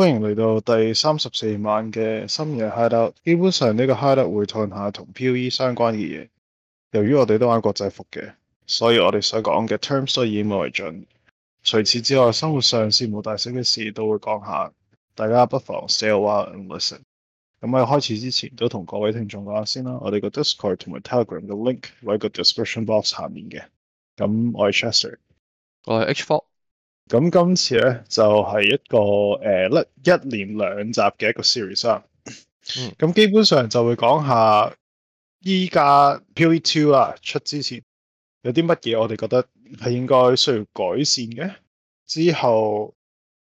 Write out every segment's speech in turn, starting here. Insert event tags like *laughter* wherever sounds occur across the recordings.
歡迎嚟到第三十四晚嘅深夜 hideout。基本上呢個 hideout 會討論下同 POE 相關嘅嘢。由於我哋都玩國際服嘅，所以我哋所講嘅 terms 都以英文為準。除此之外，生活上事無大小嘅事都會講下，大家不妨 stay a while and listen。咁喺開始之前都同各位聽眾講下先啦。我哋個 Discord 同埋 Telegram 嘅 link 喺個 description box 下面嘅。咁我係 Chester，我係 H4 f o。咁今次咧就係、是、一個誒一、呃、一連兩集嘅一個 series 啦、啊。咁、嗯、基本上就會講下依家 POE2、啊、啦出之前有啲乜嘢我哋覺得係應該需要改善嘅。之後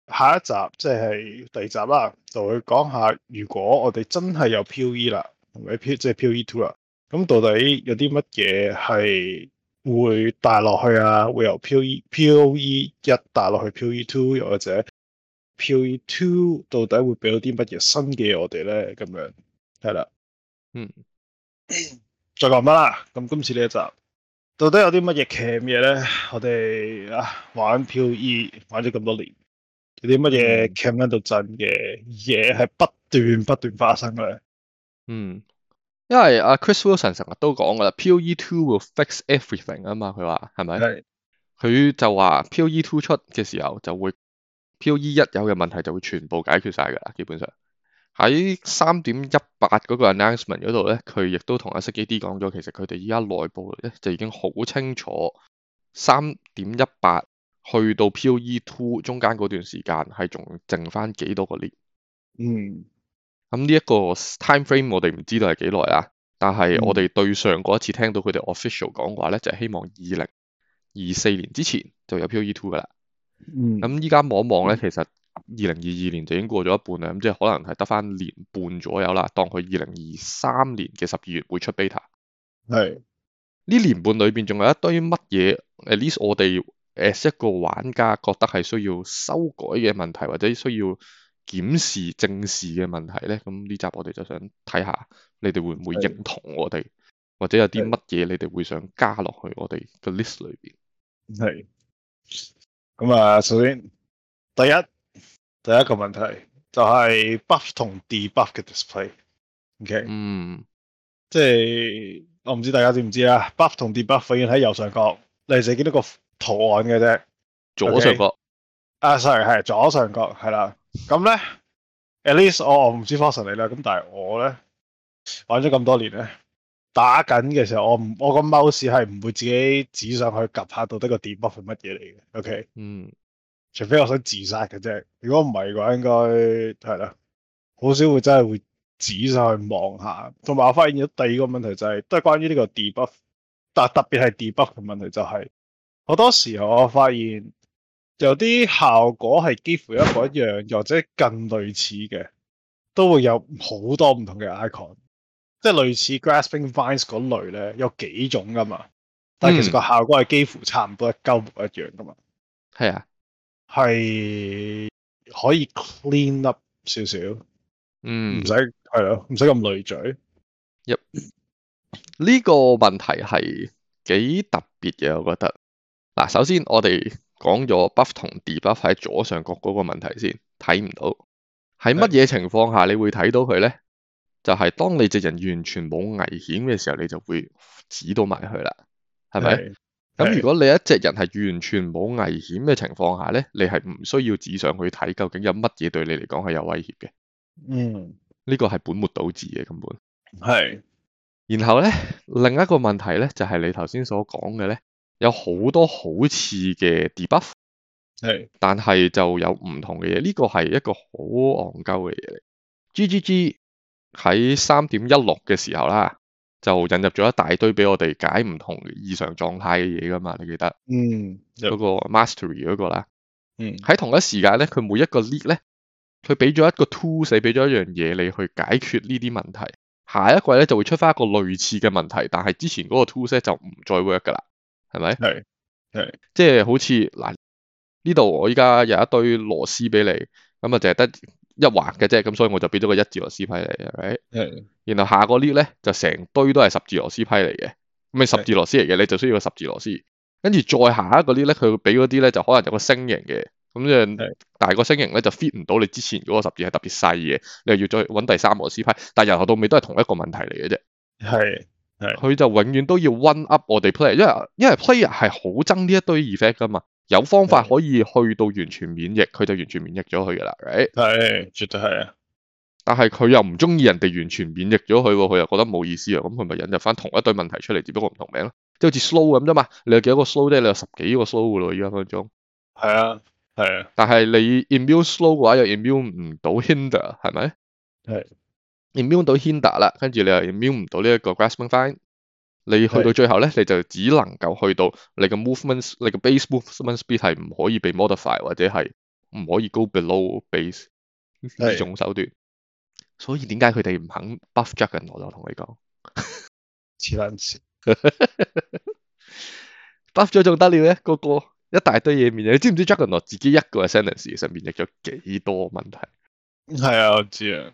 下一集即係、就是、第二集啦，就會講下如果我哋真係有 POE 啦，同、就、埋、是、即係 POE2 啦，咁到底有啲乜嘢係？會帶落去啊，會由 P O E P O E 一帶落去 P O E Two，又或者 P O E Two 到底會俾到啲乜嘢新嘅我哋咧？咁樣係啦，嗯，再講乜啦？咁今次呢一集到底有啲乜嘢激嘢咧？我哋啊玩 P O E 玩咗咁多年，有啲乜嘢激喺度震嘅嘢係不斷不斷發生嘅咧，嗯。因為阿 Chris Wilson 成日都講噶啦，Poe Two will fix everything 啊嘛，佢話係咪？佢就話 Poe Two 出嘅時候，就會 Poe 一有嘅問題就會全部解決晒噶啦，基本上喺三點一八嗰個 announcement 嗰度咧，佢亦都同阿 ZiggyD 講咗，其實佢哋依家內部咧，就已經好清楚三點一八去到 Poe Two 中間嗰段時間係仲剩翻幾多個 league。嗯。咁呢一個 time frame 我哋唔知道係幾耐啊，但係我哋對上嗰一次聽到佢哋 official 講嘅話咧，就係、是、希望二零二四年之前就有 Poe Two 噶啦。嗯。咁依家望一望咧，其實二零二二年就已經過咗一半啦，咁即係可能係得翻年半左右啦，當佢二零二三年嘅十二月會出 beta。係。呢年半裏邊仲有一堆乜嘢？at least 我哋 as 一個玩家覺得係需要修改嘅問題，或者需要。檢視正視嘅問題咧，咁呢集我哋就想睇下你哋會唔會認同我哋，或者有啲乜嘢你哋會想加落去我哋嘅 list 裏面。係，咁啊，首先第一第一個問題就係、是、buff 同 debuff 嘅 display。OK，嗯，即係我唔知大家知唔知啊？buff 同 debuff 可以喺右上角，你淨係見到個圖案嘅啫。左上角啊、okay? uh,，sorry，係左上角，係啦。咁咧，at least 我我唔知花神你啦，咁但係我咧玩咗咁多年咧，打緊嘅時候我唔我個 mouse 係唔會自己指上去及下到底個 debuff 係乜嘢嚟嘅，ok 嗯，除非我想自殺嘅啫，如果唔係嘅話，應該係啦，好少會真係會指上去望下。同埋我發現咗第二個問題就係都係關於呢個 debuff，但特別係 debuff 嘅問題就係，好多時候我發現。有啲效果係幾乎一模一樣，或者更類似嘅，都會有好多唔同嘅 icon，即係類似 Grasping Vines 嗰類咧，有幾種噶嘛，但係其實個效果係幾乎差唔多一鳩一樣噶嘛。係、嗯、啊，係可以 clean up 少少，嗯，唔使係咯，唔使咁累贅。y、yep. 呢個問題係幾特別嘅，我覺得。嗱，首先我哋。講咗 buff 同 debuff 喺左上角嗰個問題先睇唔到，喺乜嘢情況下你會睇到佢咧？就係、是、當你隻人完全冇危險嘅時候，你就會指到埋佢啦，係咪？咁如果你一隻人係完全冇危險嘅情況下咧，你係唔需要指上去睇究竟有乜嘢對你嚟講係有威脅嘅。嗯，呢、這個係本末倒置嘅根本。係。然後咧，另一個問題咧，就係、是、你頭先所講嘅咧。有好多好似嘅 debuff 但係就有唔同嘅嘢。呢、這個係一個好戇鳩嘅嘢嚟。G G G 喺三點一六嘅時候啦，就引入咗一大堆俾我哋解唔同的異常狀態嘅嘢㗎嘛。你記得嗯嗰、那個 Mastery 嗰個啦，嗯喺同一時間咧，佢每一個 lead 咧，佢俾咗一個 tools，係俾咗一樣嘢你去解決呢啲問題。下一季咧就會出翻一個類似嘅問題，但係之前嗰個 tools 就唔再 work 噶啦。係咪？係係，即係好似嗱，呢度我依家有一堆螺絲俾你，咁啊淨係得一環嘅啫，咁所以我就俾咗個一字螺絲批嚟，係咪？係。然後下個呢咧就成堆都係十字螺絲批嚟嘅，咁咪十字螺絲嚟嘅，你就需要個十字螺絲。跟住再下一個呢咧，佢會俾嗰啲咧就可能有個星形嘅，咁樣，但係個星形咧就 fit 唔到你之前嗰個十字係特別細嘅，你又要再揾第三螺絲批。但係由頭到尾都係同一個問題嚟嘅啫。係。佢就永遠都要 one up 我哋 player，因為因為 player 係好憎呢一堆 effect 噶嘛，有方法可以去到完全免疫，佢就完全免疫咗佢噶啦，係、right？絕對係啊。但係佢又唔中意人哋完全免疫咗佢，佢又覺得冇意思啊，咁佢咪引入翻同一堆問題出嚟，只不過唔同名咯，即係好似 slow 咁啫嘛。你有幾多個 slow 咧？你有十幾個 slow 噶咯，而家分分鐘。係啊，係啊。但係你 immune slow 嘅話又 immune 唔到 hinder，係咪？係。你瞄到 Hinder 啦，跟住你又瞄唔到呢一個 Grassman Fine。你去到最後咧，你就只能夠去到你個 movements，你個 base movements speed 係唔可以被 modify 或者係唔可以 go below base 呢種手段。所以點解佢哋唔肯 buff Juggernaut 我同你講，似卵似，buff 咗仲得了咧，個個一大堆嘢面。你知唔知 Juggernaut 自己一個 ascendancy 上面入咗幾多問題？係啊，我知啊。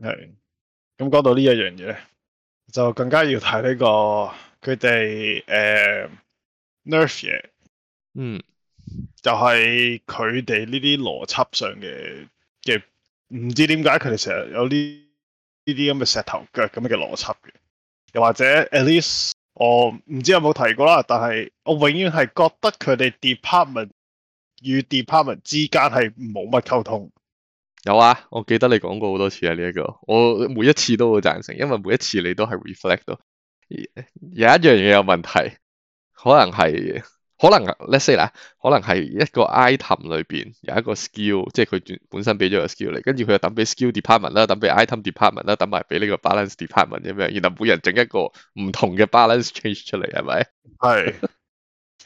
係，咁講到呢一樣嘢咧，就更加要睇呢個佢哋誒 Nerf 嘅，嗯，就係佢哋呢啲邏輯上嘅嘅，唔知點解佢哋成日有呢呢啲咁嘅石頭腳咁嘅邏輯嘅，又或者 At least 我唔知有冇提過啦，但係我永遠係覺得佢哋 department 與 department 之間係冇乜溝通。有啊，我記得你講過好多次啊呢一個，我每一次都好贊成，因為每一次你都係 reflect 到，有一樣嘢有問題，可能係可能，let's say 啦，可能係一個 item 裏邊有一個 skill，即係佢本身俾咗個 skill 嚟，跟住佢又等俾 skill department 啦，等俾 item department 啦，等埋俾呢個 balance department 咁樣，然後每人整一個唔同嘅 balance change 出嚟，係咪？係。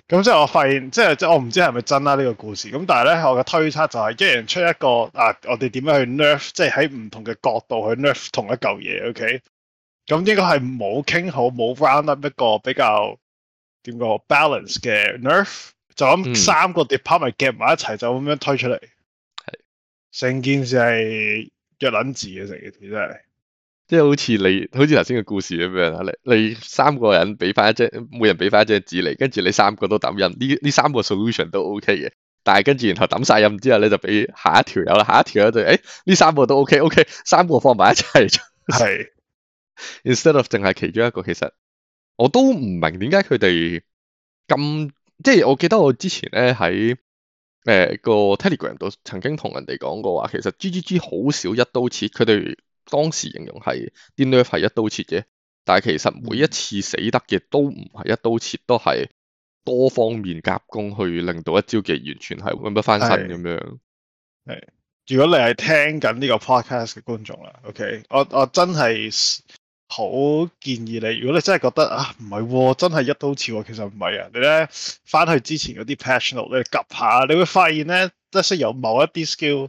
咁即係我發現，即係即係我唔知係咪真啦呢、啊這個故事。咁但係咧，我嘅推測就係一人出一個啊，我哋點樣去 nerf，即係喺唔同嘅角度去 nerf 同一嚿嘢。O.K. 咁呢個係冇傾好，冇 round up 一個比較點講 balance 嘅 nerf，就咁三個 department 夾埋一齊就咁樣推出嚟。係、嗯、成件事係約撚字嘅成件事真係。即係好似你，好似頭先個故事咁樣啦你你三個人俾翻一張，每人俾翻一張紙嚟，跟住你三個都抌印。呢呢三個 solution 都 O K 嘅。但係跟住然後抌晒印之後，你就俾下一條友啦，下一條友就誒呢、哎、三個都 O K O K，三個放埋一齊咗。係。 *laughs* instead of 淨係其中一個，其實我都唔明點解佢哋咁。即係我記得我之前咧喺誒個 Telegram 度曾經同人哋講過話，其實 G G G 好少一刀切，佢哋。當時形容係啲 lift 係一刀切嘅，但係其實每一次死得嘅都唔係一刀切，都係多方面夾攻去令到一招嘅完全係揾唔翻身咁樣。係，如果你係聽緊呢個 podcast 嘅觀眾啦，OK，我我真係好建議你，如果你真係覺得啊唔係喎，真係一刀切喎，其實唔係啊，你咧翻去之前嗰啲 patch note 咧夾下，你會發現咧，即係有某一啲 skill。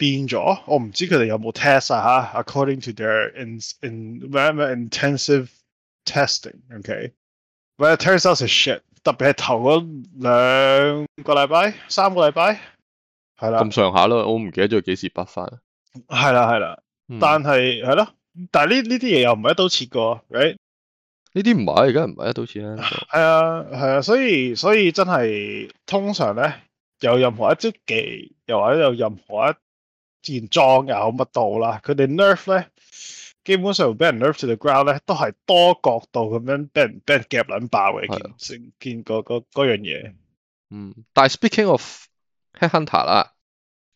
變咗，我唔知佢哋有冇 test 啊嚇。According to their in in 咩咩 intensive testing，OK，but it turns out is shit。特別係頭嗰兩個禮拜、三個禮拜，係啦。咁上下咯，我唔記得咗幾時不翻。係啦係啦，但係係咯，但係呢呢啲嘢又唔係一刀切個，Right？呢啲唔係而家唔係一刀切啦。係啊係啊，所以所以真係通常咧，有任何一招技，又或者有任何一建裝啊，乜都啦，佢哋 nerf 咧，基本上俾人 nerf to the ground 咧，都係多角度咁樣俾人俾人夾捻爆嘅。正見，見過嗰嗰樣嘢。嗯，但係 speaking of headhunter 啦、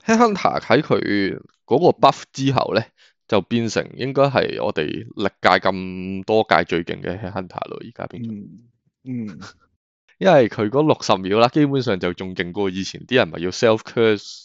mm、，headhunter -hmm. 喺佢嗰個 buff 之後咧，就變成應該係我哋歷屆咁多屆最勁嘅 headhunter 咯。而家變咗，嗯、mm -hmm.， *laughs* 因為佢嗰六十秒啦，基本上就仲勁過以前啲人，咪要 self curse。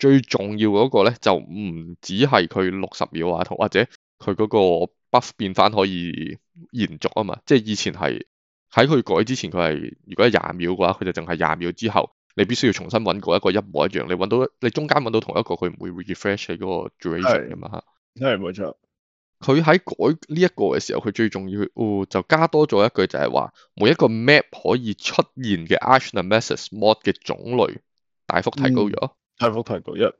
最重要嗰個咧，就唔只係佢六十秒啊，同或者佢嗰個 buff 變翻可以延續啊嘛。即係以前係喺佢改之前，佢係如果係廿秒嘅話，佢就淨係廿秒之後，你必須要重新揾過一個一模一樣。你揾到，你中間揾到同一個，佢唔會 refresh 你嗰個 duration 啊嘛。係冇錯。佢喺改呢一個嘅時候，佢最重要的、哦，就加多咗一句就，就係話每一個 map 可以出現嘅 arch nemesis mod 嘅種類大幅提高咗。嗯。提到一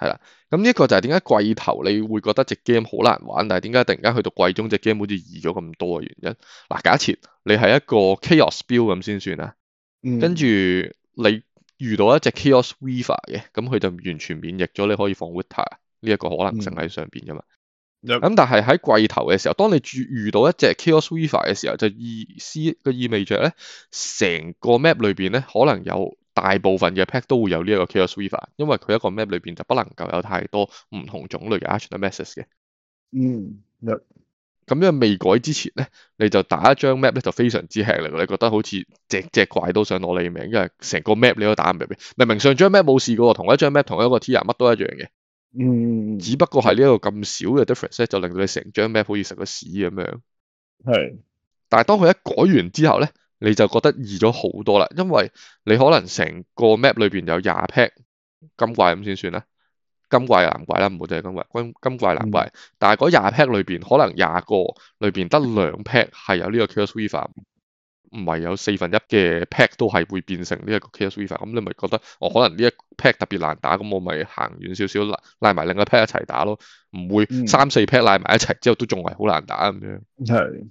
係啦，咁呢一個就係點解季頭你會覺得隻 game 好難玩，但係點解突然間去到季中隻 game 好似易咗咁多嘅原因？嗱，假設你係一個 chaos build 咁先算啦，跟、嗯、住你遇到一隻 chaos reaver 嘅，咁佢就完全免疫咗，你可以放 wither 呢一個可能性喺上邊噶嘛。咁、嗯、但係喺季頭嘅時候，當你遇遇到一隻 chaos reaver 嘅時候，就意思個意味着咧，成個 map 裏邊咧可能有。大部分嘅 pack 都會有呢一個 Chaosweaver，因為佢一個 map 裏邊就不能夠有太多唔同種類嘅 archnemesis 嘅。嗯。咁、嗯、因為未改之前咧，你就打一張 map 咧就非常之吃力。你覺得好似隻隻怪都想攞你名，因為成個 map 你都打唔入去。明明上張 map 冇事嘅喎，同一張 map 同一個 Tier 乜都一樣嘅。嗯。只不過係呢一個咁少嘅 difference 咧，就令到你成張 map 好似食咗屎咁樣。係。但係當佢一改完之後咧。你就覺得易咗好多啦，因為你可能成個 map 裏面有廿 pack 金怪咁先算啦，金怪、藍怪啦，冇就係金怪、金金怪、藍怪。但係嗰廿 pack 裏面可能廿個裏面得兩 pack 係有呢個 K.S. Weaver，唔係有四分一嘅 pack 都係會變成呢一個 K.S. Weaver。咁你咪覺得，哦，可能呢一 pack 特別難打，咁我咪行遠少少，拉埋另一 pack 一齊打咯，唔會三四 pack 拉埋一齊之後都仲係好難打咁樣。係。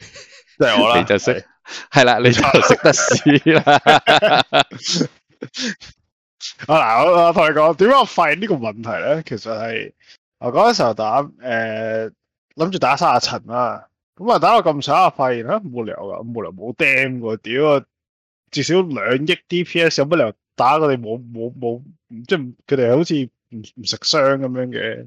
即、就、係、是、我啦，你就識係啦，你就識得死啦。好啦，我同你講，點解我發現呢個問題咧？其實係我嗰陣時候打誒，諗、呃、住打三十層啦，咁啊打到咁上啊，發現咧冇理由噶，冇理由冇釘噶，屌啊！至少兩億 DPS 有乜理由打佢哋冇冇冇？即係佢哋好似唔唔食傷咁樣嘅。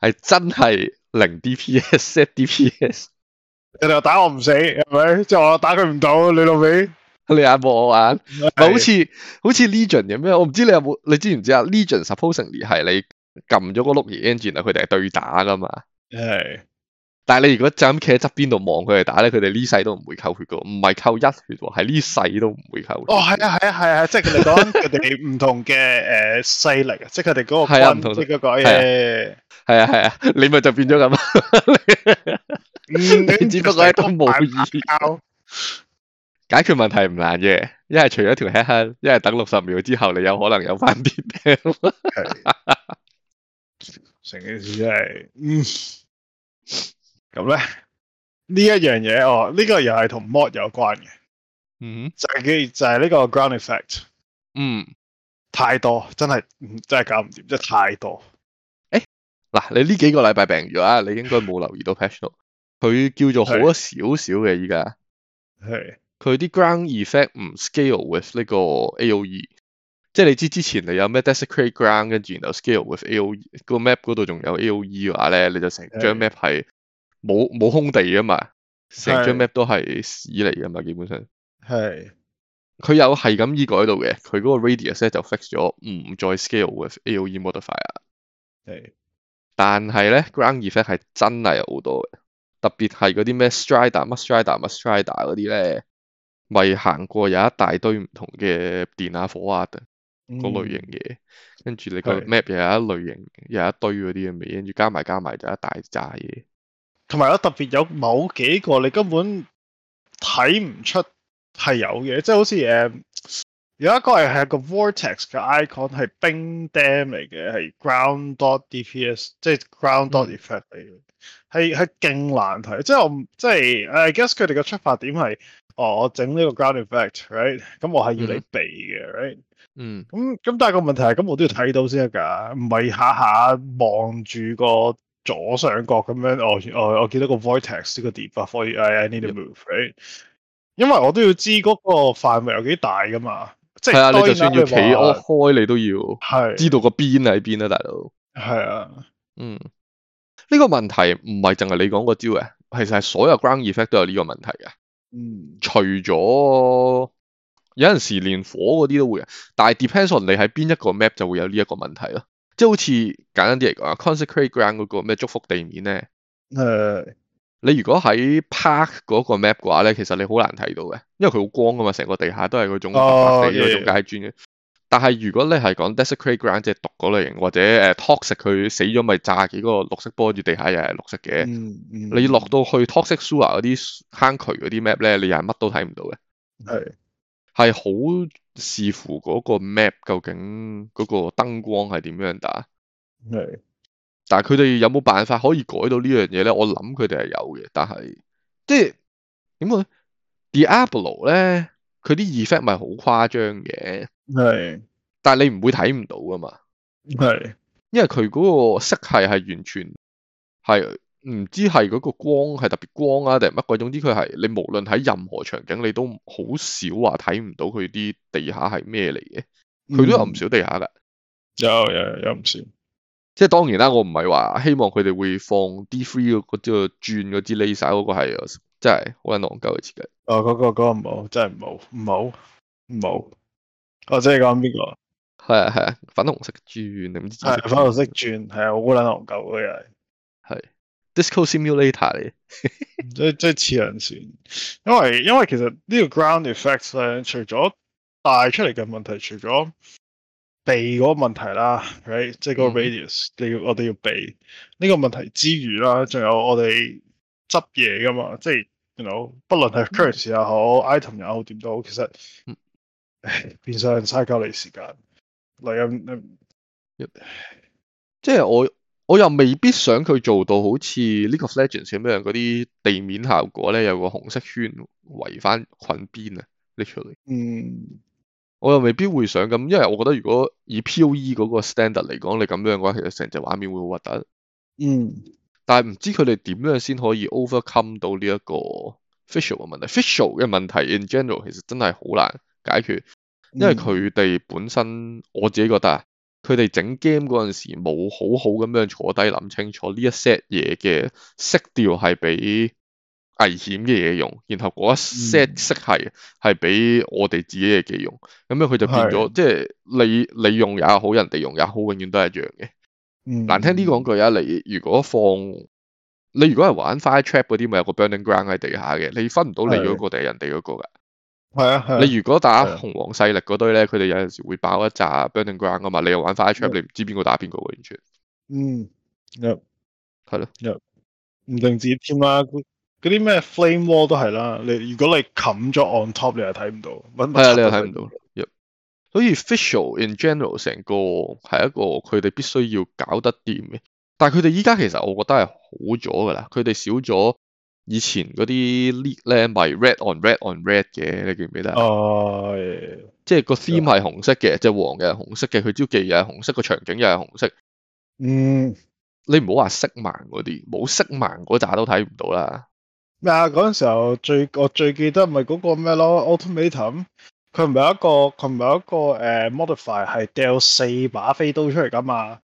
係真係零 DPS set *laughs* DPS，你哋打我唔死係咪？即係、就是、我打佢唔到，你老味，你眼望我眼，好似好似 Legion 咁樣。我唔知道你有冇，你知唔知啊？Legion supposedly 係你撳咗個碌嘢，然後佢哋係對打噶嘛？係。但係你如果就咁企喺側邊度望佢哋打咧，佢哋呢世都唔會扣血噶唔係扣一血，係呢世都唔會扣。哦，係、係啊、 *laughs* *laughs* 啊，係啊，係啊，即係佢哋講佢哋唔同嘅誒勢力，即係佢哋嗰個軍唔同嘅。係啊，係啊，你咪就變咗咁、 *laughs* 嗯。你只不過係咁無意義。解決問題唔難嘅，一係除咗條乞乞，一係等六十秒之後，你有可能有翻啲。成件事真係，嗯。咁咧呢一樣嘢哦，呢、呢個又係同 mod 有關嘅，嗯、mm -hmm.，就係就係呢個 ground effect，嗯，太多真係，真係搞唔掂，真係太多。誒嗱、欸，你呢幾個禮拜病咗啊，你應該冇留意到 patch note *laughs* 佢叫做好咗少少嘅依家，係，佢啲 ground effect 唔 scale with 呢個 A O E，即係你知之前你有咩 desecrate ground 跟住然後 scale with A O E 個 map 嗰度仲有 A O E 嘅話咧，你就成張 map 係。冇冇空地啊嘛，成張 map 都係屎嚟噶嘛，基本上係佢有係咁依改到嘅，佢嗰個 radius 咧就 fix 咗唔再 scale with AOE modifier。係，但係咧 ground effect 係真係好多嘅，特別係嗰啲咩 strider 乜 strider 乜 strider 嗰啲咧，咪行過有一大堆唔同嘅電啊、火啊嗰類型嘅。跟住你個 map 又有一類型又一堆嗰啲咁嘅嘢，跟住加埋加埋就一大扎嘢。同埋我特別有某幾個你根本睇唔出係有嘅，即係好似誒、呃、有一個係係個 vortex 嘅 icon 係冰 dam 嚟嘅，係 ground dot dps 即係 ground dot effect 嚟嘅，係係勁難睇。即係我即係 I guess 佢哋嘅出發點係哦，我整呢個 ground effect right，咁我係要你避嘅 right。嗯，咁咁但係個問題係咁，我都要睇到先得㗎，唔係下下望住個左上角咁樣，我我我見到個 Vortex 呢個 debuff 啊 for I I need to move、right? 因為我都要知嗰個範圍有幾大噶嘛，即係、啊、你就算要企開，你都要知道個邊喺邊啊，大佬。係啊，嗯，呢個問題唔係淨係你講個招嘅，其實係所有 Ground Effect 都有呢個問題嘅。嗯。除咗有陣時連火嗰啲都會，但係 Depends on 你喺邊一個 Map 就會有呢一個問題咯、啊。即係好似簡單啲嚟講 consecrate ground 嗰個咩祝福地面咧？誒，你如果喺 park 嗰個 map 嘅話咧，其實你好難睇到嘅，因為佢好光啊嘛，成個地下都係嗰種白白地嗰種階磚嘅。但係如果你係講 desecrate ground 即係毒嗰類型，或者誒 toxic 佢死咗咪、就是、炸幾個綠色波住地下又係綠色嘅、嗯嗯。你落到去 toxic sewer 嗰啲坑渠嗰啲 map 咧，你又係乜都睇唔到嘅。係。係好視乎嗰個 map 究竟嗰個燈光係點樣打，係，但係佢哋有冇辦法可以改到這件事呢樣嘢咧？我諗佢哋係有嘅，但係即係點講？Diablo 咧，佢啲 effect 咪好誇張嘅，係，但係你唔會睇唔到噶嘛，係，因為佢嗰個色係係完全係。唔知係嗰個光係特別光啊，定乜鬼？總之佢係你無論喺任何場景，你都好少話睇唔到佢啲地下係咩嚟嘅。佢、嗯、都有唔少地下噶，有有有唔少。即係當然啦，我唔係話希望佢哋會放 D3 嗰個轉嗰支 laser 嗰個係，真係好撚戇鳩嘅設計。哦，嗰個嗰個唔好，真係唔好唔好唔好。哦，即係講邊個？係、那個哦那個那個、啊係啊，啊，粉紅色轉你唔知、啊？粉紅色轉，係啊，好撚戇鳩嘅 Disco Simulator s 嚟，即即似人算，因為因為其實呢個 ground effects 咧，除咗帶出嚟嘅問題，除咗避嗰個問題啦 right，即係個 radius，你、嗯、要我哋要避呢、呢個問題之餘啦，仲有我哋執嘢噶嘛，即、就、係、是、you know，不論係 currency 又好、嗯、item 又好點都好，其實、嗯、 *laughs* 變相嘥鳩你時間，例、嗯、如，um, um, yep. *laughs* 即係我。我又未必想佢做到好似《League of Legends》咁樣嗰啲地面效果咧，有個紅色圈圍翻裙邊啊，literally。嗯。我又未必會想咁，因為我覺得如果以 POE 嗰個 standard 嚟講，你咁樣嘅話，其實成隻畫面會好核突。嗯。但係唔知佢哋點樣先可以 overcome 到呢一個 visual 嘅問題？Visual 嘅問題 in general 其實真係好難解決，因為佢哋本身我自己覺得啊。佢哋整 game 嗰陣時冇好好咁樣坐低諗清楚呢一 set 嘢嘅色調係俾危險嘅嘢用，然後嗰一 set 色系係俾我哋自己嘅嘢用，咁樣佢就變咗即係你你用也好，人哋用也好，永遠都係一樣嘅。難、嗯、聽啲講句啊，你如果放你如果係玩 fire trap 嗰啲，咪有個 burning ground 喺地下嘅，你分唔到你嗰個定係人哋嗰個㗎。係啊，啊。你如果打紅黃勢力嗰堆咧，佢哋、啊、有陣時會爆一炸 burning ground 噶嘛，你又玩 fire trap，你唔知邊個打邊個完全誰誰。嗯，有、啊，係、嗯、咯，有、嗯，唔定子添啦，嗰啲咩 flame wall 都係啦。你如果你冚咗 on top，你又睇唔到，搵唔出你又睇唔到，嗯嗯啊到嗯嗯。所以 official in general 成個係一個佢哋必須要搞得掂嘅，但係佢哋依家其實我覺得係好咗噶啦，佢哋少咗。以前嗰啲 lead 咧咪 red on red on red 嘅，你記唔記得？哦、oh, yeah,，yeah, yeah. 即係個 theme 係紅色嘅，yeah. 即係黃嘅，紅色嘅，佢招技又係紅色，個場景又係紅色。嗯，你唔好話色盲嗰啲，冇色盲嗰扎都睇唔到啦。嗱，嗰陣時候最我最記得咪嗰個咩咯？Automatum，佢唔係一個，佢唔係一個誒、呃、modify 係掉四把飛刀出嚟啊嘛～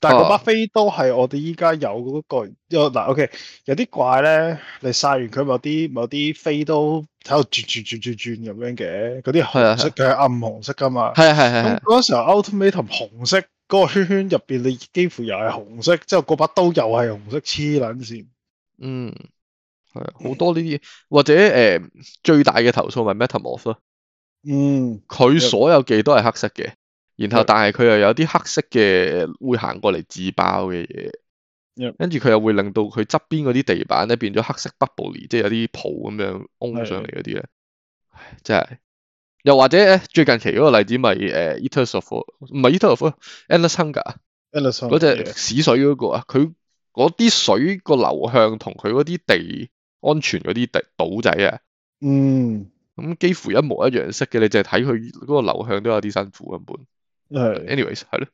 但係嗰把飛刀係我哋依家有嗰、那個，啊、因嗱，OK，有啲怪咧，你殺完佢某啲某啲飛刀喺度轉轉轉轉轉咁樣嘅，嗰啲係啊，係暗紅色噶嘛，係係係，嗰、啊啊、時候 Ultimatum 紅色嗰、那個圈圈入邊，你幾乎又係紅色，之後嗰把刀又係紅色，黐卵線。嗯，係啊，好多呢啲、嗯，或者誒、呃，最大嘅投訴咪 Metamorph，嗯，佢所有技都係黑色嘅。然後但係佢又有啲黑色嘅會行過嚟自爆嘅嘢，跟住佢又會令到佢側邊嗰啲地板咧變咗黑色 bubbly，即係有啲泡咁樣拱上嚟嗰啲咧，真係又或者最近期嗰個例子咪誒，Eaters of，唔係 Eaters of，Elsaenga，Elsaenga 嗰隻屎水嗰個啊，佢嗰啲水個流向同佢嗰啲地安全嗰啲地島仔啊，嗯，咁幾乎一模一樣式嘅，你淨係睇佢嗰個流向都有啲辛苦根本。anyways，係咯。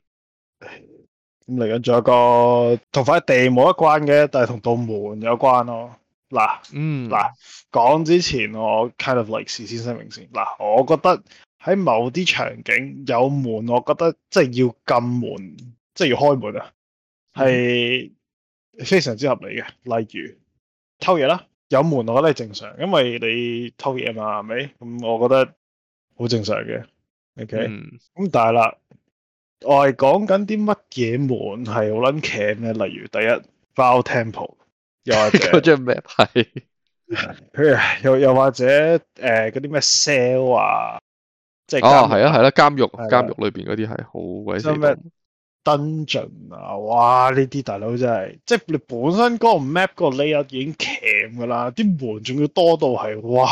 咁嚟緊仲有個同塊地冇一關嘅，但係同道門有關咯。嗱，嗯，嗱，講之前我 kind of like 事先聲明先。嗱，我覺得喺某啲場景有門，我覺得即係要撳門，即係要開門啊，係非常之合理嘅。例如偷嘢啦，有門我覺得係、嗯、正常，因為你偷嘢嘛，係咪？咁我覺得好正常嘅。OK，咁、嗯、但係啦。我係講緊啲乜嘢門係好撚 cam 嘅，例如第一包 temple，又或者咩？係， *laughs* 佢又又或者誒嗰啲咩 cell 啊，即、就、係、是、哦，係啊係啦，監獄是監獄裏邊嗰啲係好鬼咩？dungeon 啊，哇！呢啲大佬真係，即係你本身嗰個 map 個 layer 已經 cam 㗎啦，啲門仲要多到係哇！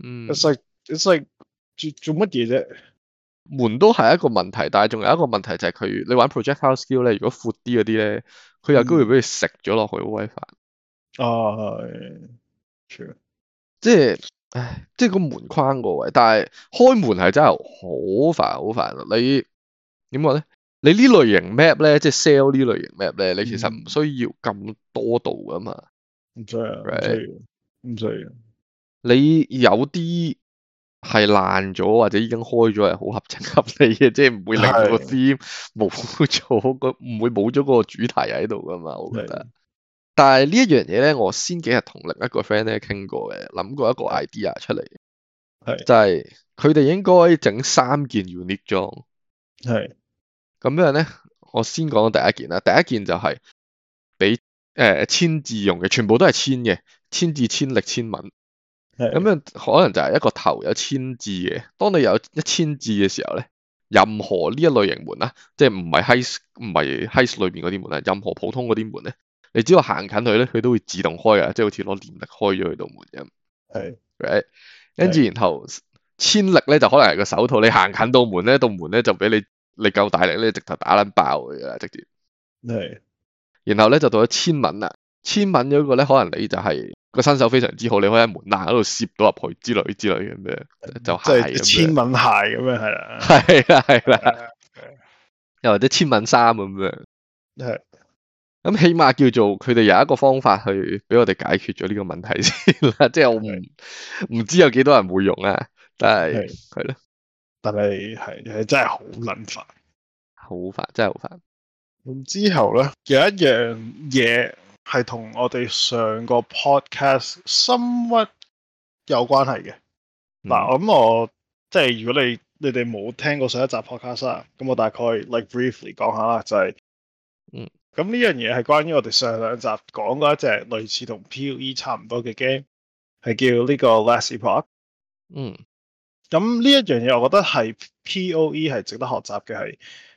嗯 it's like it's like 做做乜嘢啫？門都係一個問題，但係仲有一個問題就係佢，你玩 Projectile Skill 咧，如果闊啲嗰啲咧，佢有機會俾你食咗落去，好鬼煩。哦、啊，係即係，唉，即係個門框個位，但係開門係真係好煩，好煩啊！你點講咧？你呢類型 map 咧，即係 sell 呢類型 map 咧、嗯，你其實唔需要咁多度噶嘛。唔需要，唔需要。你有啲。係爛咗或者已經開咗係好合情合理嘅，即係唔會令個 theme 冇咗個唔會冇咗個主題喺度噶嘛，我覺得。是但係呢一樣嘢咧，我先幾日同另一個 friend 咧傾過嘅，諗過一個 idea 出嚟，是就係佢哋應該整三件 unique 裝。係咁樣咧，我先講第一件啦。第一件就係俾誒千字用嘅，全部都係千嘅，千字、千力、千文。咁可能就係一個頭有千字嘅，當你有一千字嘅時候咧，任何呢一類型門啊，即係唔係 Heist 唔係 Heist 裏邊嗰啲門啊，任何普通嗰啲門咧，你只要行近佢咧，佢都會自動開啊，即係好似攞電力開咗佢道門咁。係，跟、right? 住然後千力咧就可能係個手套，你行近道門咧，道門咧就俾你你夠大力咧，直頭打撚爆佢啊，直接。係。然後咧就到咗千敏啦，千敏嗰個咧可能你就係、是。個新手非常之好，你可以喺門檻嗰度攝到入去之類之類嘅咩，就係、是就是、千蚊鞋咁樣係啦，係啦係啦，又或者千蚊衫咁樣係，咁起碼叫做佢哋有一個方法去俾我哋解決咗呢個問題先啦，即係 *laughs* 我唔唔知有幾多人會用啊，但係係咯，但係係係真係好捻煩，好煩真係好煩。咁之後咧有一樣嘢。係同我哋上個 podcast somewhat 有關係嘅。嗱，咁我即係如果你你哋冇聽過上一集 podcast 啊，咁我大概 like briefly 講下啦，就係、是、嗯，咁呢樣嘢係關於我哋上兩集講過一隻類似同 P O E 差唔多嘅 game，係叫呢個 Last Epoch。嗯，咁呢一樣嘢我覺得係 P O E 係值得學習嘅係。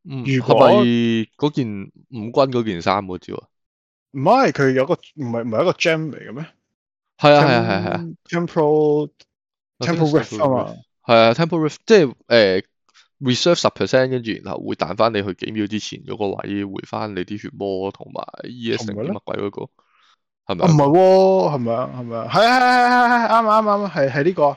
係咪嗰件五軍嗰件衫嗰招啊？唔係佢有個唔係唔係一個 gem 嚟嘅咩？係啊係啊係啊。Temporal Rift 啊嘛。係啊 Temporal Rift 即係誒、呃、reserve 十 percent，跟住然後會彈翻你去幾秒之前嗰個位，回翻你啲血、yes、是是魔同埋 E.S. 成乜鬼嗰、那個係咪啊？唔係、哦，係咪啊？係咪啊？係係係係啱啊啱啊啱啊，係係呢個。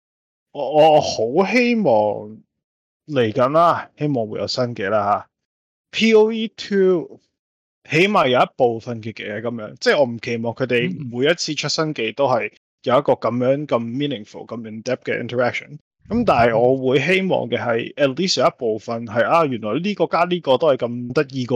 我我好希望嚟緊啦，希望會有新嘅啦吓。POE Two 起碼有一部分嘅嘢咁樣，即係我唔期望佢哋每一次出新嘅都係有一個咁樣咁 meaningful、咁 in-depth 嘅 interaction。咁但係我會希望嘅係，mm-hmm. At least 有一部分係啊，原來呢個加呢個都係咁得意噶。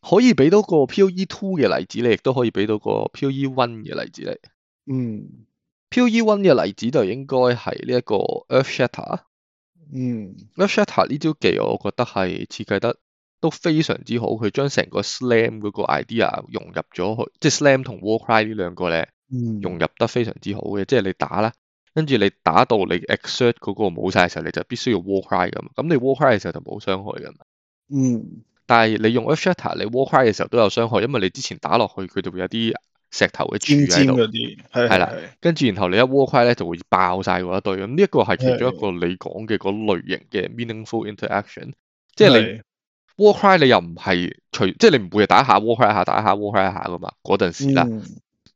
可以俾到個 Poe Two 嘅例子，你亦都可以俾到個 Poe One 嘅例子嚟。嗯、mm.，Poe One 嘅例子就應該係呢一個 Earthshatter。嗯、mm.，Earthshatter 呢招技我覺得係設計得都非常之好，佢將成個 Slam 嗰個 idea 融入咗去，即係 Slam 同 War Cry 呢兩個咧融入得非常之好嘅。即係你打啦，跟住你打到你 Exert 嗰個冇晒嘅時候，你就必須要 War Cry 咁。咁你 War Cry 嘅時候就冇傷害嘅嘛。嗯、mm.。但係你用 Earthshatter 你 War Cry 嘅時候都有傷害，因為你之前打落去佢就會有啲石頭嘅柱喺度。尖尖嗰啲係啦，跟住然後你一 War Cry 咧就會爆晒嗰一堆。咁呢一個係其中一個你講嘅嗰類型嘅 meaningful interaction，即係、就是、你 War Cry 你又唔係除，即係、就是、你唔會打下 War Cry 下打下 War Cry 一下噶嘛。嗰陣時啦，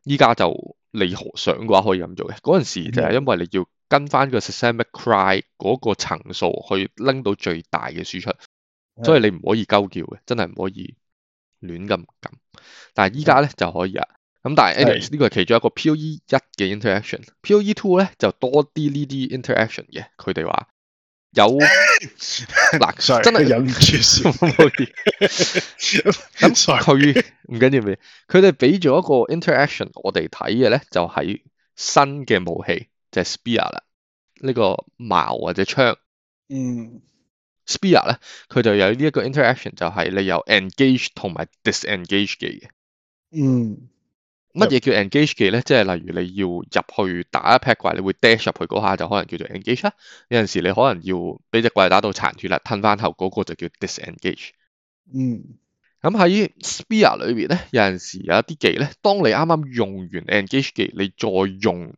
依、嗯、家就你想嘅話可以咁做嘅。嗰陣時就係因為你要跟翻、嗯那個 Seismic Cry 嗰個層數去拎到最大嘅輸出。所以你唔可以鳩叫嘅，真係唔可以亂咁咁，但係依家咧就可以啦。咁但係 a e 呢個係其中一個 POE 一嘅 interaction POE2。POE two 咧就多啲呢啲 interaction 嘅。佢哋話有嗱，真係有。忍住笑著雪，唔好緊要咩？佢哋俾咗一個 interaction，我哋睇嘅咧就係、是、新嘅武器，就係、Spear 啦，呢個矛或者槍。嗯。Spear 咧，佢就有呢一個 interaction，就係你有 engage 同埋 disengage 嘅嘢。嗯。乜嘢叫 engage 嘅咧？即係例如你要入去打一匹怪，你會 dash 入去嗰下就可能叫做 engage。有陣時你可能要俾隻怪打到殘住啦，吞翻後嗰個就叫 disengage。嗯。咁喺 Spear 裏邊咧，有陣時有一啲技咧，當你啱啱用完 engage 技，你再用呢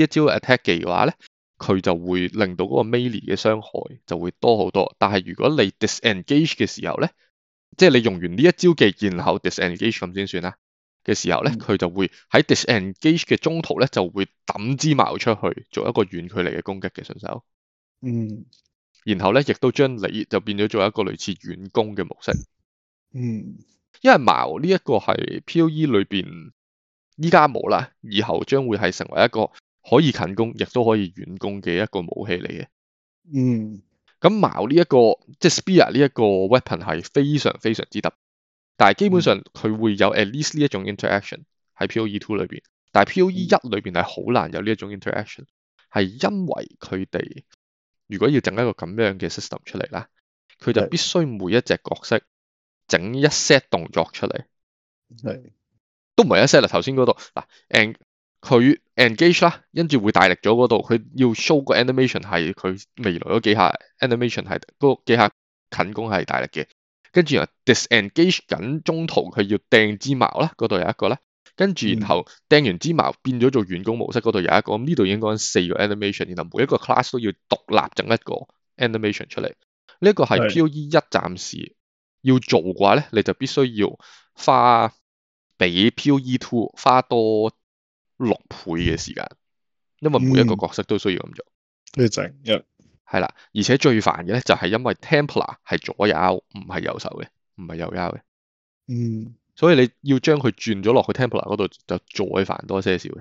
一招的 attack 技嘅話咧。佢就會令到嗰個 melee 嘅傷害就會多好多，但係如果你 disengage 嘅時候咧，即係你用完呢一招技，然後 disengage 咁先算啦嘅時候咧，佢就會喺 disengage 嘅中途咧就會抌支矛出去做一個遠距離嘅攻擊嘅順手，嗯，然後咧亦都將你就變咗做一個類似遠攻嘅模式，嗯，因為矛呢一個係 POE 裏面，依家冇啦，以後將會係成為一個。可以近攻，亦都可以遠攻嘅一個武器嚟嘅。嗯，咁矛呢一個即係、就是、Spear 呢一個 weapon 係非常非常之突，但係基本上佢會有 at least 呢一種 interaction 喺 P.O.E. Two 裏邊，但係 P.O.E. 一裏邊係好難有呢一種 interaction，係、嗯、因為佢哋如果要整一個咁樣嘅 system 出嚟啦，佢就必須每一隻角色整一 set 動作出嚟，係、嗯、都唔係一 set 啦。頭先嗰度嗱 a 佢 engage 啦，跟住會大力咗嗰度。佢要 show 個 animation 係佢未來嗰幾下 animation 係嗰、嗰個技巧近攻係大力嘅。跟住又 disengage 緊，中途佢要掟枝矛啦，嗰度有一個咧。跟住然後掟完枝矛變咗做遠攻模式，嗰度有一個。咁呢度應該四個 animation，然後每一個 class 都要獨立整一個 animation 出嚟。呢、這、一個係 P.O.E 一暫時、嗯、要做嘅話咧，你就必須要花比 P.O.E two 花多。六倍嘅時間，因為每一個角色都需要咁做。咩、嗯、仔？一係啦，而且最煩嘅咧就係因為 Templar 係左右唔係右手嘅，唔係右右嘅。嗯。所以你要將佢轉咗落去 Templar 嗰度，就再煩多些少嘅。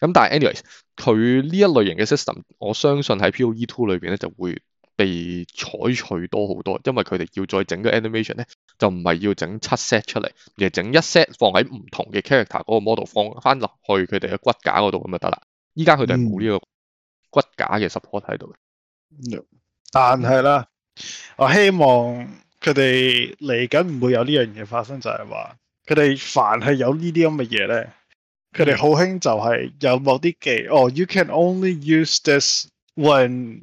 咁但係 Anyways 佢呢一類型嘅 system，我相信喺 Poe Two 裏邊咧就會。被採取多好多，因為佢哋要再整個 animation 咧，就唔係要整七 set 出嚟，而係整一 set 放喺唔同嘅 character 嗰個 model 放翻落去佢哋嘅骨架嗰度咁就得啦。依家佢哋係冇呢個骨架嘅 support 喺度嘅。嗯、但係啦，我希望佢哋嚟緊唔會有呢樣嘢發生，就係話佢哋凡係有呢啲咁嘅嘢咧，佢哋好興就係有某啲技哦、oh，you can only use this when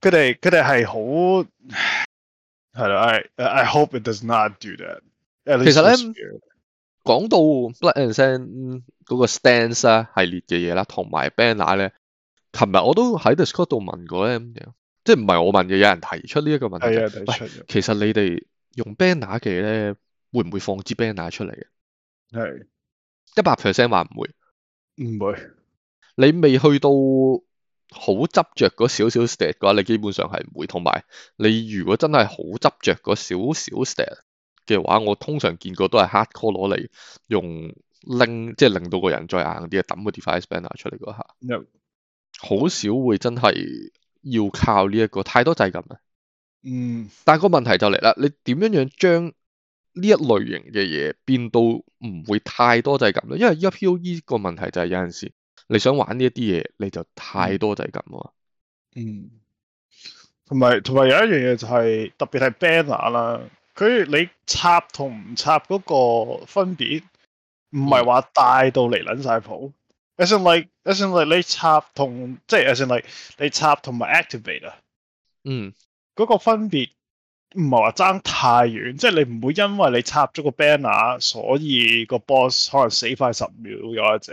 佢哋佢哋係好係咯，I I hope it does not do that。其實咧，講到 Blood and Sand 嗰個 Stance 啊系列嘅嘢啦，同埋 Banner 咧，琴日我都喺 Discord 度問過咧，即係唔係我問嘅，有人提出呢一個問題。係啊，提出咗。其實你哋用 Banner 嘅咧，會唔會放支 Banner 出嚟嘅？係一百 percent 話唔會，唔會。你未去到。好執着嗰少少 step 嘅話，你基本上係唔會。同埋你如果真係好執着嗰少少 step 嘅話，我通常見過都係 hard core 攞嚟用拎，即係令，就是、令到個人再硬啲啊，揼個 device banner 出嚟嗰下。好、no. 少會真係要靠呢、這、一個，太多制咁嗯。Mm. 但係個問題就嚟啦，你點樣樣將呢一類型嘅嘢變到唔會太多制咁咧？因為 u POE 個問題就係有陣時。你想玩呢一啲嘢，你就太多掣咁咯。嗯，同埋同埋有一樣嘢就係特別係 banner 啦。佢你插同唔插嗰個分別，唔係話大到嚟捻晒譜。嗯，As like, as like 你插同即係 as like 你插同埋 activate 啊。嗯，嗰個分別唔係話爭太遠，即係你唔會因為你插咗個 banner，所以個 boss 可能死快十秒，又或者。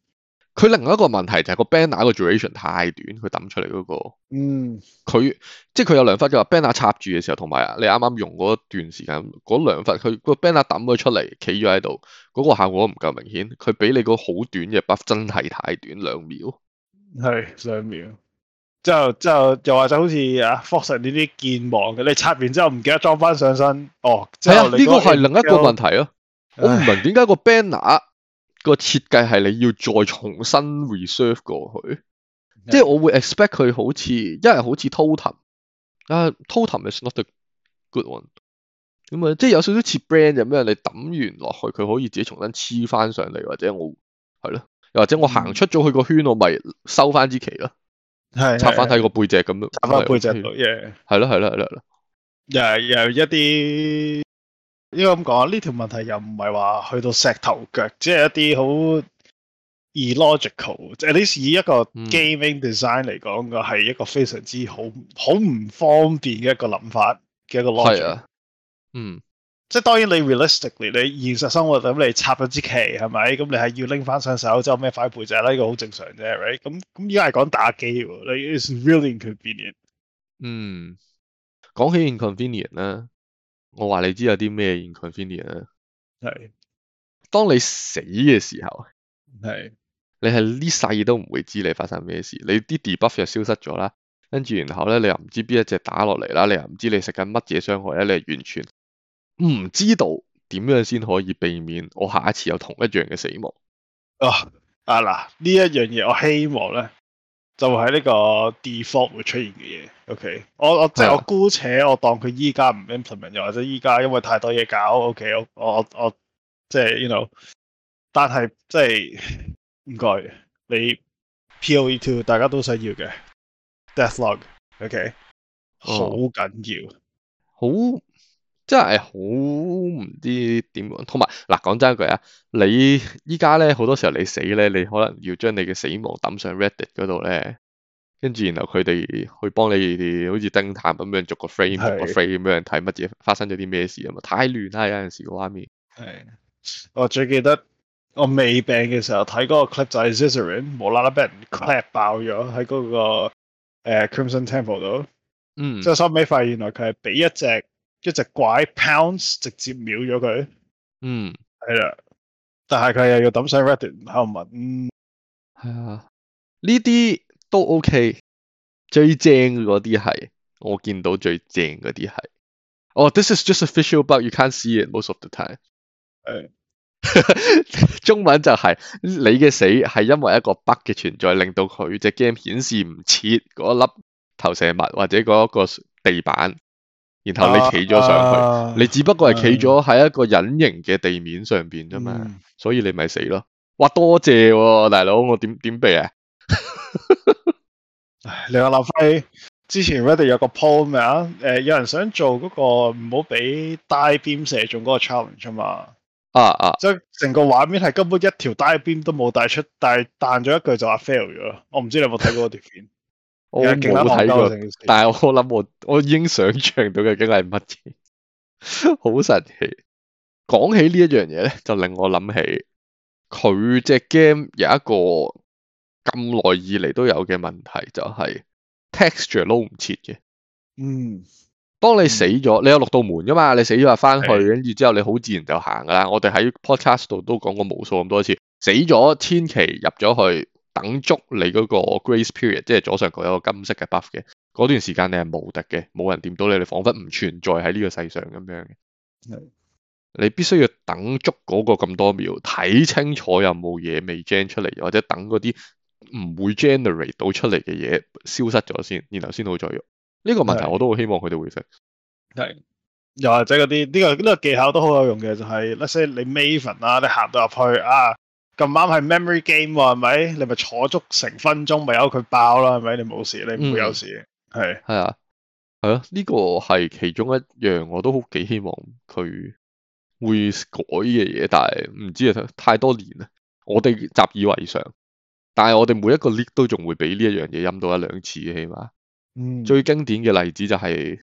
佢另外一個問題就係個 banner 個 duration 太短，佢抌出嚟嗰個，嗯，佢即係佢有兩忽就話，banner 插住嘅時候，同埋你啱啱用嗰段時間嗰兩忽，佢個 banner 抌咗出嚟，企咗喺度，嗰個效果唔夠明顯。佢俾你個好短嘅 buff，真係太短，兩秒，係兩秒。之後之後話就好似啊 force 呢啲健忘嘅，你插完之後唔記得裝翻上身。哦，即呢個係另一個問題咯。我唔明點解個 banner。個設計係你要再重新 reserve 過去，是即係我會 expect 佢好似，因為好似 totem，啊、uh, totem is not a good one，咁啊，即係有少少似 brand 咁樣，你抌完落去，佢可以自己重新黐翻上嚟，或者我係咯，又或者我行出咗佢個圈，我咪收翻支旗咯，係插翻喺個背脊咁樣，插翻個背脊，係咯係咯係咯，又、yeah. 又一啲。應該咁講啊，呢條問題又唔係話去到石頭腳，即係一啲好 illogical 即係你以一個 gaming design 嚟講嘅，係、嗯、一個非常之好好唔方便嘅一個諗法嘅一個 logic。係啊，嗯，即係當然你 realistically 你現實生活咁，你插咗支旗係咪？咁你係要拎翻上手，之後咩快配仔咧？呢個好正常啫，right？咁咁依家係講打機，你 is really inconvenient。嗯，講起 inconvenient 呢。我話你知有啲咩 inconvenient 啊？係，當你死嘅時候，係，你係呢世都唔會知你發生咩事，你啲 debuff 又消失咗啦，跟住然後咧你又唔知邊一隻打落嚟啦，你又唔知你食緊乜嘢傷害咧，你係完全唔知道點樣先可以避免我下一次有同一樣嘅死亡。哦、啊，啊嗱呢一樣嘢我希望咧。就喺、是、呢個 default 會出現嘅嘢，OK 我。我我即係我姑且我當佢依家唔 implement，又或者依家因為太多嘢搞，OK 我。我我我即係，you know 但。但係即係唔該，你 POE two 大家都需要嘅 death log，OK。好緊、okay? 啊、要，好。真係好唔知點，同埋嗱講真一句啊！你依家咧好多時候你死咧，你可能要將你嘅死亡抌上 Reddit 嗰度咧，跟住然後佢哋去幫你哋好似偵探咁樣逐個 frame 逐個 frame 咁樣睇乜嘢發生咗啲咩事啊嘛！太亂啦，有陣時畫面。係，我最記得我未病嘅時候睇嗰個 clip 就係 Zizaran 無啦啦俾人 clap 爆咗喺嗰個 Crimson Temple 度。嗯。即係收尾發現原來佢係俾一隻。一隻怪 pounds 直接秒咗佢，嗯，係啦，但係佢又要抌上 red，唔好唔問，係啊，呢啲都 ok，最正嗰啲係我見到最正嗰啲係，哦、oh,，this is just visual bug you can't see it most of the time， *laughs* 中文就係、是、你嘅死係因為一個 bug 嘅存在令到佢隻 game 顯示唔切嗰一粒投射物或者嗰一個地板。然後你企咗上去、啊啊，你只不過係企咗喺一個隱形嘅地面上邊啫嘛，所以你咪死咯。哇，多謝大、啊、佬，我點點避啊？ *laughs* 你阿立輝之前 ready 有個 po 咩啊？誒、呃，有人想做嗰、嗰個唔好俾 die beam 射中嗰個 challenge 嘛？啊啊，即係成個畫面係根本一條 die beam 都冇帶出，但係彈咗一句就話 fail 咗。我唔知你有冇睇嗰個碟片。啊 *laughs* 我冇睇過，但係我諗我我已經想象到嘅竟係乜嘢，好 *laughs* 神奇。講起這呢一樣嘢咧，就令我諗起佢隻 game 有一個咁耐以嚟，都有嘅問題，就係 texture 撈唔切嘅。嗯，當你死咗、嗯，你有六道門噶嘛？你死咗就翻去，跟住之後你好自然就行噶啦。我哋喺 podcast 度都講過無數咁多次，死咗千祈入咗去。等足你嗰個 Grace Period，即係左上角有個金色嘅 buff 嘅，嗰段時間你係無敵嘅，冇人掂到你，你彷彿唔存在喺呢個世上咁樣嘅。係。你必須要等足嗰個咁多秒，睇清楚有冇嘢未 gen 出嚟，或者等嗰啲唔會 generate 到出嚟嘅嘢消失咗先，然後先好再用。呢個問題我都好希望佢哋會識。係。又或者嗰啲呢個呢個技巧都好有用嘅，就係，例如你 Maven 啊，你合到入去啊。咁啱係 memory game 喎，係咪？你咪坐足成分鐘，咪由佢爆啦，係咪？你冇事，你唔會有事。係、嗯、係啊，係咯、啊，呢、這個係其中一樣我都好幾希望佢會改嘅嘢，但係唔知啊，太多年啦。我哋習以為常，但係我哋每一個 league 都仲會俾呢一樣嘢陰到一兩次，起碼、嗯。最經典嘅例子就係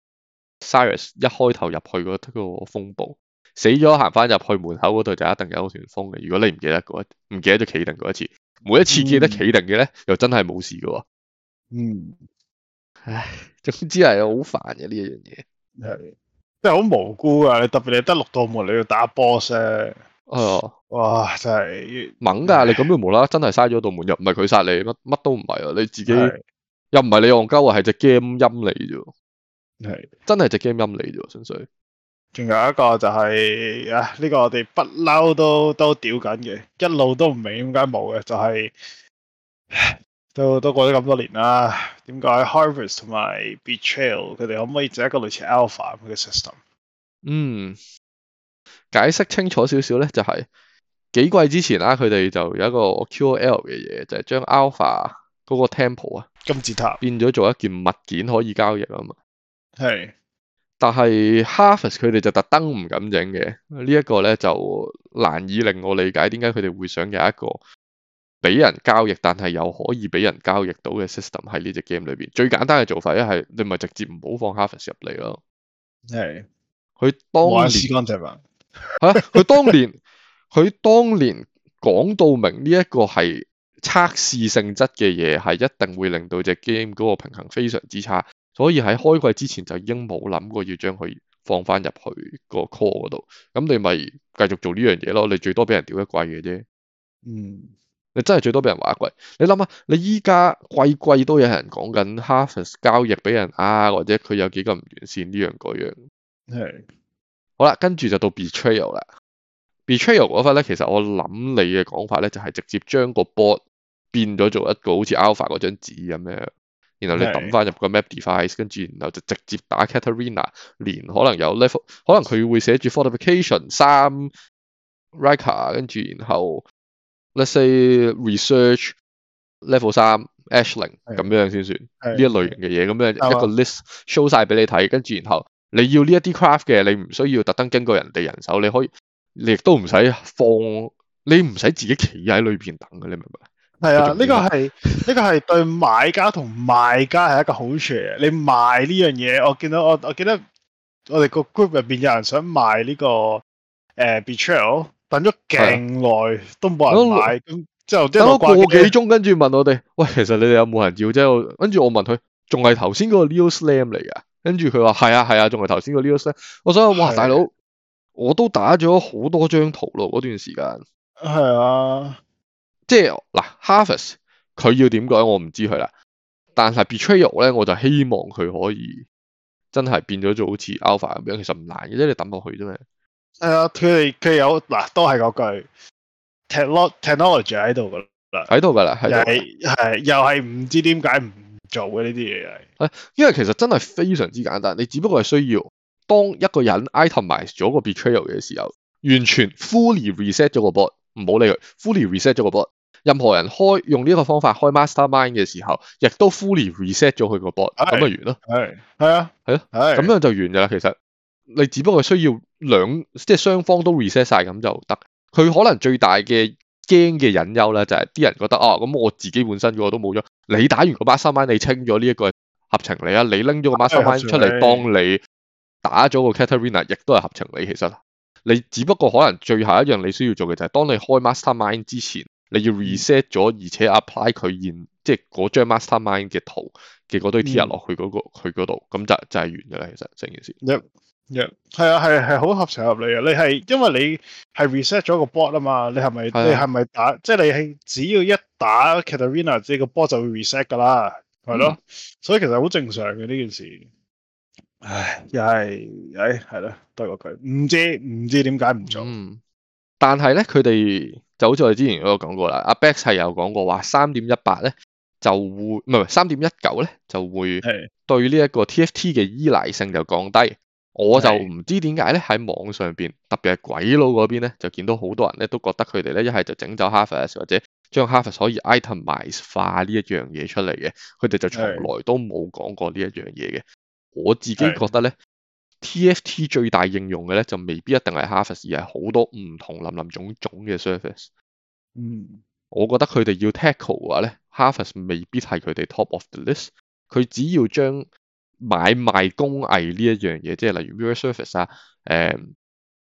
Sirus 一開頭入去嗰個風暴。死咗行翻入去門口嗰度就一定有旋風嘅。如果你唔記得嗰、唔記得就企定一次。每一次記得企定嘅咧，又真係冇事嘅。嗯，唉，總之係好煩嘅呢一樣嘢。係，真係好無辜啊！你特別你得六道門你要打 boss 啊，唉哇，真係，猛噶！你咁樣無啦真係嘥咗道門，又唔係佢殺你，乜乜都唔係啊！你自己是又唔係你戇鳩啊，係隻 game 陰你啫。係，真係隻 game 陰你啫，純粹。仲有一個就係、是、啊，呢、這個我哋不嬲都都屌緊嘅，一路都唔明點解冇嘅，就係、是、都都過咗咁多年啦。點解 Harvest 同埋 Betrayal 佢哋可唔可以整一個類似 Alpha 咁嘅 system？嗯，解釋清楚少少咧，就係幾季之前啦、啊，佢哋就有一個 QoL 嘅嘢，就係、是、將 Alpha 嗰個 Temple 啊金字塔變咗做一件物件可以交易啊嘛。係。但係 Harvest 佢哋就特登唔敢影嘅，呢一個咧，就難以令我理解點解佢哋會想有一個俾人交易但係又可以俾人交易到嘅 system 喺呢隻 game 裏邊。最簡單嘅做法一係你咪直接唔好放 Harvest 入嚟咯。係佢當年係佢 *laughs* 當年佢當年講到明呢一個係測試性質嘅嘢，係一定會令到隻 game 嗰個平衡非常之差。所以喺開季之前就已經冇諗過要將佢放翻入去個 core 嗰度，咁你咪繼續做呢樣嘢咯。你最多俾人屌一季嘅啫。嗯。你真係最多俾人話一季。你諗下，你依家季季都有人講緊 Harvest 交易俾人啊，或者佢有幾咁唔完善呢樣嗰樣係。好啦，跟住就到 Betrayal 啦。Betrayal 嗰份咧，其實我諗你嘅講法咧，就係、是、直接將個 board 變咗做一個好似 Alpha 嗰張紙咁樣。然後你抌翻入個 Map Device，跟住然後就直接打 Caterina，連可能有 Level，可能佢會寫住 Fortification 三 Riker，跟住然後 Let's say Research Level 三 Aisling 咁樣先算呢一類型嘅嘢，咁樣一個 list show 曬俾你睇，跟住然後你要呢一啲 craft 嘅，你唔需要特登經過人哋人手，你可以你亦都唔使放，你唔使自己企喺裏面等嘅，你明唔明？係啊，呢、這個係呢 *laughs* 個係對買家同賣家係一個好處，你賣呢樣嘢，我見到我我見到我哋個 group 入邊有人想賣呢、這個誒、呃、Betrayal 等咗勁耐都冇人買。咁之後等咗個幾鐘，跟住問我哋：， *laughs* 喂，其實你哋有冇人要？啫？」跟住我問佢，仲係頭先嗰個 Leo Slam 嚟噶？跟住佢話：係啊係啊，仲係頭先個 Leo Slam。我想、啊：，哇，大佬，啊、我都打咗好多張圖咯，嗰段時間。係啊。即係嗱，Harvest 佢要點改我唔知佢啦，但係 Betrayal 咧，我就希望佢可以真係變咗做好似 Alpha 咁樣，其實唔難嘅，即係。你抌落去啫嘛？係、呃、啊，佢哋佢有嗱，都係嗰句 technology 喺度噶啦，喺度噶啦，係係又係唔知點解唔做嘅呢啲嘢係。因為其實真係非常之簡單，你只不過係需要當一個人 itemize 咗個 Betrayal 嘅時候，完全 fully reset 咗個 board，唔好理佢 fully reset 咗個 board。任何人開用呢個方法開 mastermind 嘅時候，亦都 fully reset 咗佢個 board 咁就完咯。係係啊，係咯，咁樣就完㗎啦。其實你只不過需要兩，即係雙方都 reset 晒咁就得。佢可能最大嘅驚嘅隱憂咧，就係、是、啲人覺得哦，咁我自己本身個都冇咗。你打完個 mastermind，你清咗呢一個合情理啊。你拎咗個 mastermind 出嚟當你打咗個 Caterina 亦都係合情理。其實你只不過可能最後一樣你需要做嘅就係、是，當你開 mastermind 之前。你要 reset 咗，而且 apply 佢現、嗯、即係嗰張 mastermind 嘅圖的堆、那個，結果都要貼落去嗰個佢嗰度，咁就就係完噶啦。其實整件事 yeah, yeah,、啊，一一係啊係係好合情合理是是啊。你係因為你係 reset 咗個 board 啊嘛，你係咪你係咪打即係你係只要一打 Catarina 即係個 board 就會 reset 噶啦，係咯、啊嗯。所以其實好正常嘅呢件事。唉，又係唉係咯，對個句，唔、啊、知唔知點解唔做。嗯。但係咧，佢哋就好似我之前嗰個講過啦，阿 Bex 係有講過話三點一八咧就會，唔係三點一九咧就會對呢一個 TFT 嘅依賴性就降低。我就唔知點解咧喺網上邊，特別係鬼佬嗰邊咧，就見到好多人咧都覺得佢哋咧一係就整走 Harvest 或者將 Harvest 可以 itemize 化呢一樣嘢出嚟嘅，佢哋就從來都冇講過呢一樣嘢嘅。我自己覺得咧。TFT 最大應用嘅咧就未必一定係 Harvest，而係好多唔同林林種種嘅 service。嗯，我覺得佢哋要 tackle 嘅話咧，Harvest 未必係佢哋 top of the list。佢只要將買賣工藝呢一樣嘢，即係例如 mirror service 啊、誒、嗯、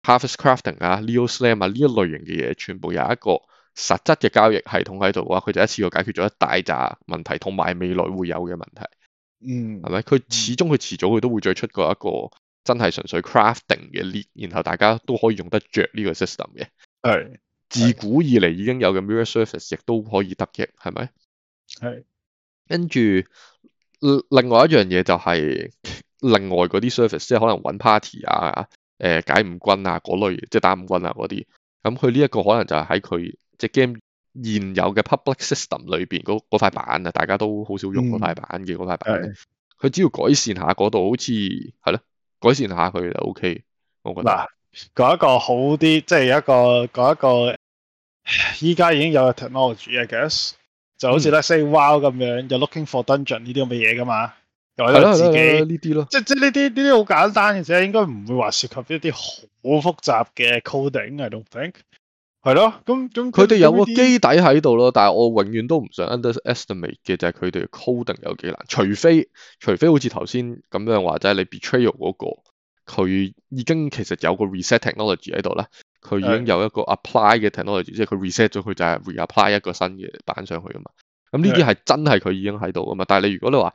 Harvest crafting 啊、Leo Slam 啊呢一類型嘅嘢，全部有一個實質嘅交易系統喺度嘅話，佢就一次過解決咗一大紮問題，同埋未來會有嘅問題。嗯，係咪？佢始終佢遲早佢都會再出過一個。真係純粹 crafting 嘅 list，然後大家都可以用得着呢個 system 嘅。係自古以嚟已經有嘅 mirror service 亦都可以得益，係咪？係。跟住另外一樣嘢就係、是、另外嗰啲 service 即係可能揾 party 啊、誒、呃、解五軍啊嗰類，即係打五軍啊嗰啲。咁佢呢一個可能就係喺佢即 game 現有嘅 public system 裏邊嗰塊板啊，大家都好少用嗰塊板嘅嗰、嗯、塊板。佢只要改善下嗰度，好似係咯。改善下佢就 OK，我覺得嗱，講一個好啲，即係一個講一個，依家已經有 technology，I guess，就好似咧、嗯、say wow 咁樣，又 looking for dungeon 呢啲咁嘅嘢噶嘛，又自己呢啲咯，即即呢啲呢啲好簡單嘅嘢，而且應該唔會話涉及一啲好複雜嘅 coding，I don't think。係咯，咁咁佢哋有個基底喺度咯，但係我永遠都唔想 underestimate 嘅就係佢哋嘅 coding 有幾難，除非除非好似頭先咁樣話啫，或者你 betrayal 嗰個佢已經其實有個 reset technology 喺度啦，佢已經有一個 apply 嘅 technology，、yeah. 即係佢 reset 咗佢就係 reapply 一個新嘅版上去啊嘛，咁呢啲係真係佢已經喺度啊嘛，但係你如果你話，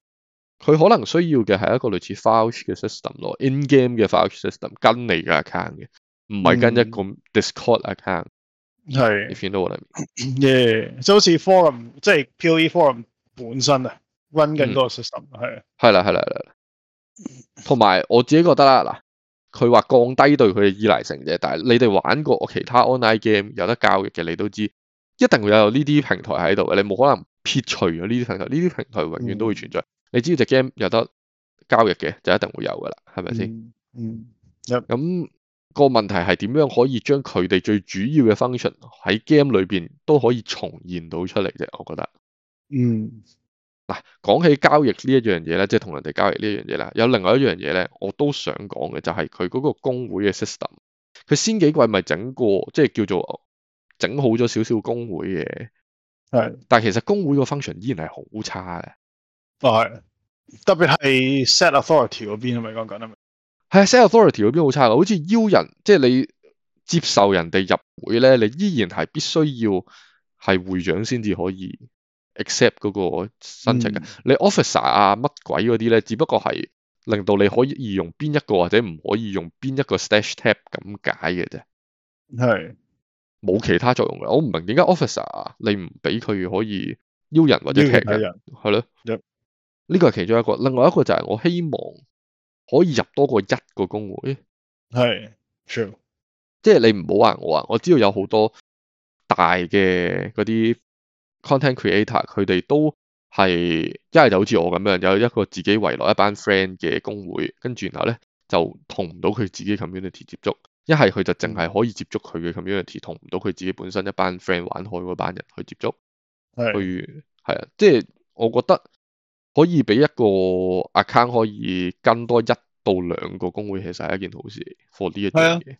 佢可能需要嘅係一個類似 Vouch 嘅 system 咯，in game 嘅 vouch system 跟你嘅 account 嘅，唔係跟一個 Discord account。係、嗯。if you know what I mean。耶、yeah，就好似 forum，即係 PoE forum 本身啊，run 緊嗰個 system 係啊。係、嗯、啦，係啦，係啦。同埋我自己覺得啦，嗱，佢話降低對佢嘅依賴性啫，但係你哋玩過其他 online game 有得交易嘅，你都知一定會有呢啲平台喺度嘅，你冇可能撇除咗呢啲平台，呢啲平台永遠都會存在。嗯。你知隻 game 有得交易嘅，就一定會有噶啦，係咪先？嗯，咁個問題係點樣可以將佢哋最主要嘅 function 喺 game 裏邊都可以重現到出嚟啫？我覺得。嗯。嗱，講起交易這件事呢一樣嘢咧，即係同人哋交易呢一樣嘢啦。有另外一樣嘢咧，我都想講嘅就係佢嗰個工會嘅 system。佢先幾季咪整過，即係叫做整好咗少少工會嘅。係、mm-hmm.。但係其實工會個 function 依然係好差嘅。係，特別係 set authority 嗰邊係咪講緊啊？係 set authority 嗰邊好差咯，好似邀人，即係你接受人哋入會咧，你依然係必須要係會長先至可以 accept 嗰個申請嘅。嗯。你 officer 啊，乜鬼嗰啲咧，只不過係令到你可以用邊一個或者唔可以用邊一個 stash tab 咁解嘅啫。係，冇其他作用嘅。我唔明點解 officer 啊，你唔俾佢可以邀人或者踢人，人，係咯？Yep. 呢個係其中一個，另外一個就係我希望可以入多過一個公會，係，true。即係你唔好話我啊，我知道有好多大嘅嗰啲 content creator，佢哋都係一係就好似我咁樣，有一個自己圍來一班 friend 嘅公會，跟住然後咧就同唔到佢自己 community 接觸。一係佢就淨係可以接觸佢嘅 community，同唔到佢自己本身一班 friend 玩開嗰班人去接觸，去係啊，即係我覺得。可以俾一個 account 可以跟多一到兩個工會，其實係一件好事。For 呢一樣嘢，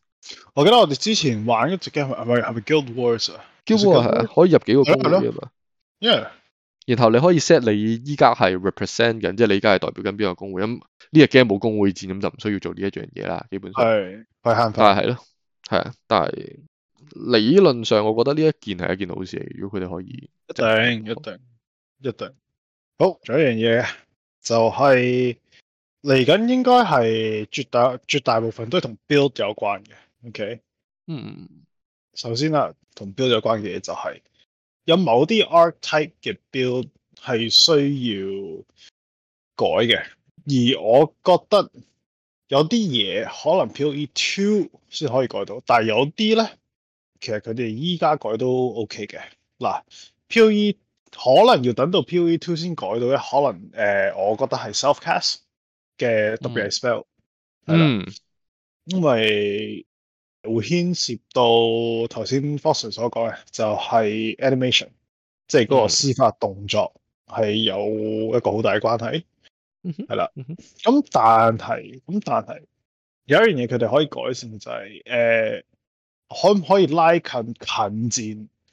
我記得我哋之前玩一隻 game 係咪係《Guild Wars》？Guild Wars 係啊，可以入幾個工會啊嘛。Yeah, right. 然後你可以 set 你依家係 represent 緊，即係你依家係代表緊邊個工會。咁呢隻 game 冇工會戰，咁就唔需要做呢一樣嘢啦。基本上係係慳翻，係、yeah, 咯，係啊。但係理論上，我覺得呢一件係一件好事嚟。如果佢哋可以，一定一定一定。好，仲有一樣嘢，就係嚟緊應該係絕大絕大部分都係同 build 有關嘅。OK，嗯，首先啦，同 build 有關嘅嘢就係有某啲 archetype 嘅 build 係需要改嘅，而我覺得有啲嘢可能 PoE2 先可以改到，但係有啲咧，其實佢哋依家改都 OK 嘅。嗱，Poe 可能要等到 POE2 先改到咧，可能誒、呃，我覺得係 Selfcast 嘅 w s p e l l、嗯、係啦，因為會牽涉到頭先 Foster 所講嘅，就係、是、Animation，即係嗰個施法動作係有一個好大嘅關係，係、嗯、啦，咁但係，咁但係，有一樣嘢佢哋可以改善就係、是，誒、呃，可唔可以拉近近戰？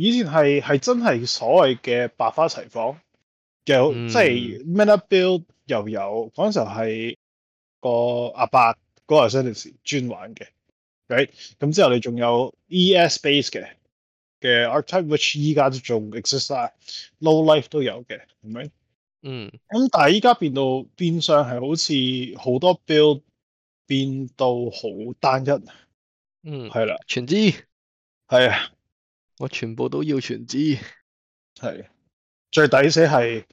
以前係係真係所謂嘅百花齊放，有、嗯、即係 Meta build 又有嗰陣時候係個阿伯嗰 c e 專玩嘅，right 咁之後你仲有 ES Base 嘅嘅 Archetype，which 依家都仲 exist Low Life 都有嘅，係咪？嗯，咁但係依家變到變相係好似好多 build 變到好單一，嗯，係啦，全知，係啊。我全部都要全知是，係最抵死係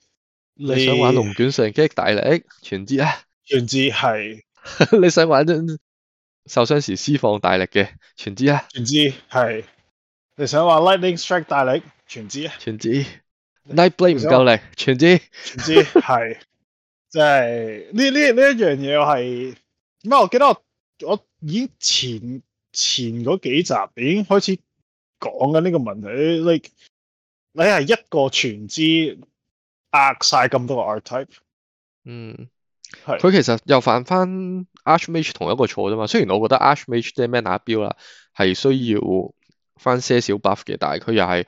你想玩龍捲上擊大力全知啊！全知係 *laughs* 你想玩受傷時施放大力嘅全知啊！全知係你想玩 Lightning Strike 大力全知啊！全知 Nightblade 唔夠力，全知，全知係即係呢呢呢一樣嘢係唔係？我記得我我以前前嗰幾集已經開始。講緊呢個問題，like，你你係一個全知壓晒咁多個 art type，嗯，係佢其實又犯翻 archmage 同一個錯啫嘛。雖然我覺得 archmage 即係咩 mana build 啦，係需要翻些少 buff 嘅，但係佢又係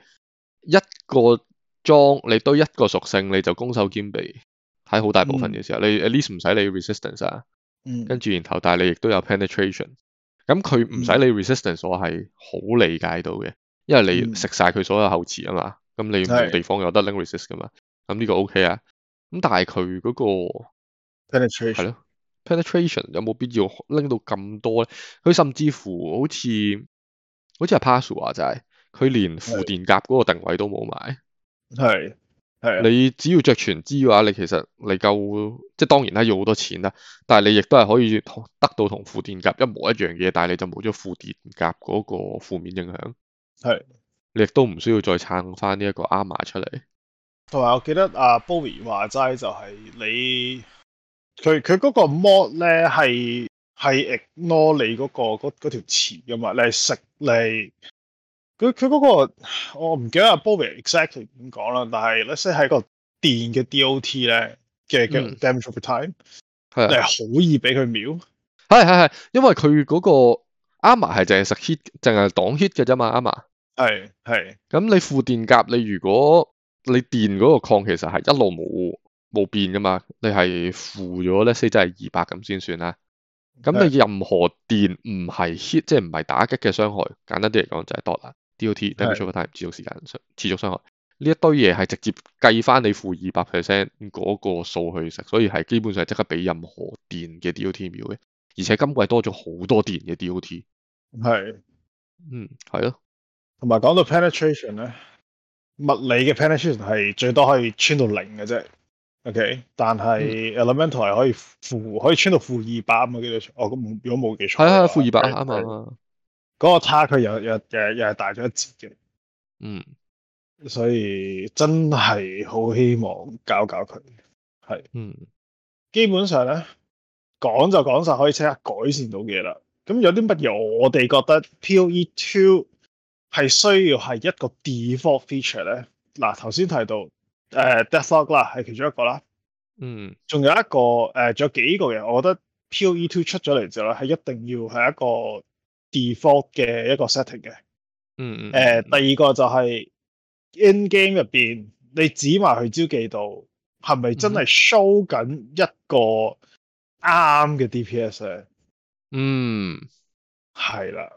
一個裝你堆一個屬性，你就攻守兼備喺好大部分嘅時候，嗯，你 at least 唔使理 resistance 啊，嗯、跟住然後但你亦都有 penetration，咁佢唔使理 resistance，嗯、我係好理解到嘅。因為你食晒佢所有後詞啊嘛，咁、嗯、你地方有得拎 resist 噶嘛，咁呢個 OK 啊。咁但係佢嗰個 penetration 係咯，penetration 有冇必要拎到咁多咧？佢甚至乎好似好似阿 Parcel 話就係佢連負電夾嗰個定位都冇埋，係係你只要着全支嘅話，你其實你夠即係當然啦，要好多錢啦。但係你亦都係可以得到同負電夾一模一樣嘅嘢，但係你就冇咗負電夾嗰個負面影響。係，你亦都唔需要再撐翻呢一個 armor 出嚟。同埋，我記得阿 Bobby 話齋就係你，佢佢嗰個 mod 咧係係 ignore 你嗰、嗰個嗰條刺噶嘛，你係食你佢佢嗰個我唔記得阿 Bobby exactly 點講啦，但係 let's say 係個電嘅 DOT 咧嘅嘅 damage over time 係你係好易俾佢秒。係係係，因為佢嗰個 armor 係淨係食 hit，淨係擋 hit 嘅啫嘛，armor。係係，咁你負電夾你如果你電嗰個抗其實係一路冇冇變噶嘛，你係負咗咧四即係二百咁先算啦。咁你任何電唔係 hit 即係唔係打擊嘅傷害，簡單啲嚟講就係多啦 d o t damage over time 持續時間傷持續傷害呢一堆嘢係直接計翻你負二百 percent 嗰個數去食，所以係基本上係即刻俾任何電嘅 d o t 秒嘅，而且今季多咗好多電嘅 d o t。係，嗯，係咯。同埋講到 penetration 咧，物理嘅 penetration 係最多可以穿到零嘅啫。OK，但係 elemental 係可以負可以穿到負二百咁啊？記得？哦咁，如果冇記錯係啊，負二百啊，啱、嗯、嗰、嗯那個差距又又又又係大咗一截嘅，嗯，所以真係好希望搞搞佢，係嗯。基本上咧講就講晒可以即刻改善到嘅嘢啦。咁有啲乜嘢我哋覺得 P O E two。係需要係一個 default feature 咧，嗱，頭先提到誒 death log 啦，係、呃、其中一個啦。嗯，仲有一個誒，仲、呃、有幾個嘅，我覺得 POE2 出咗嚟之後，係一定要係一個 default 嘅一個 setting 嘅。嗯誒、嗯嗯呃，第二個就係、是、in game 入邊，你指埋去招記度，係咪真係 show 緊一個啱嘅 DPS 咧？嗯，係、嗯、啦。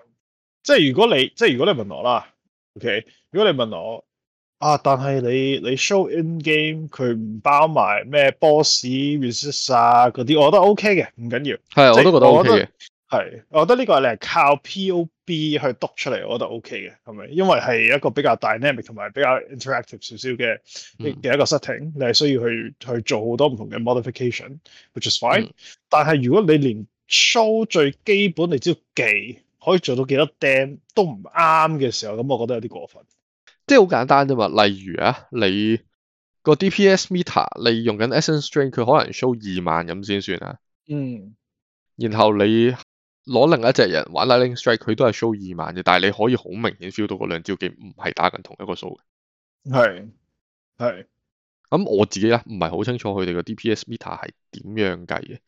即係如果你即係如果你問我啦，OK，如果你問我啊，但係你你 show in game 佢唔包埋咩 boss resist 啊嗰啲，我覺得 OK 嘅，唔緊要。係，我都覺得 OK 嘅。係，我覺得呢個你係靠 POB 去讀出嚟，我覺得 OK 嘅，係咪？因為係一個比較 dynamic 同埋比較 interactive 少少嘅嘅一個 setting，嗯、你係需要去去做好多唔同嘅 modification，which is fine、嗯。但係如果你連 show 最基本你只要記。可以做到幾多釘都唔啱嘅時候，咁我覺得有啲過分。即係好簡單啫嘛，例如啊，你個 DPS meter，你用緊 Essence Strike，佢可能 show 二萬咁先算啊。嗯。然後你攞另一隻人玩 Lightning Strike，佢都係 show 二萬嘅，但係你可以好明顯 feel 到嗰兩招技唔係打緊同一個數嘅。係。係。咁我自己咧，唔係好清楚佢哋個 DPS meter 係點樣計嘅。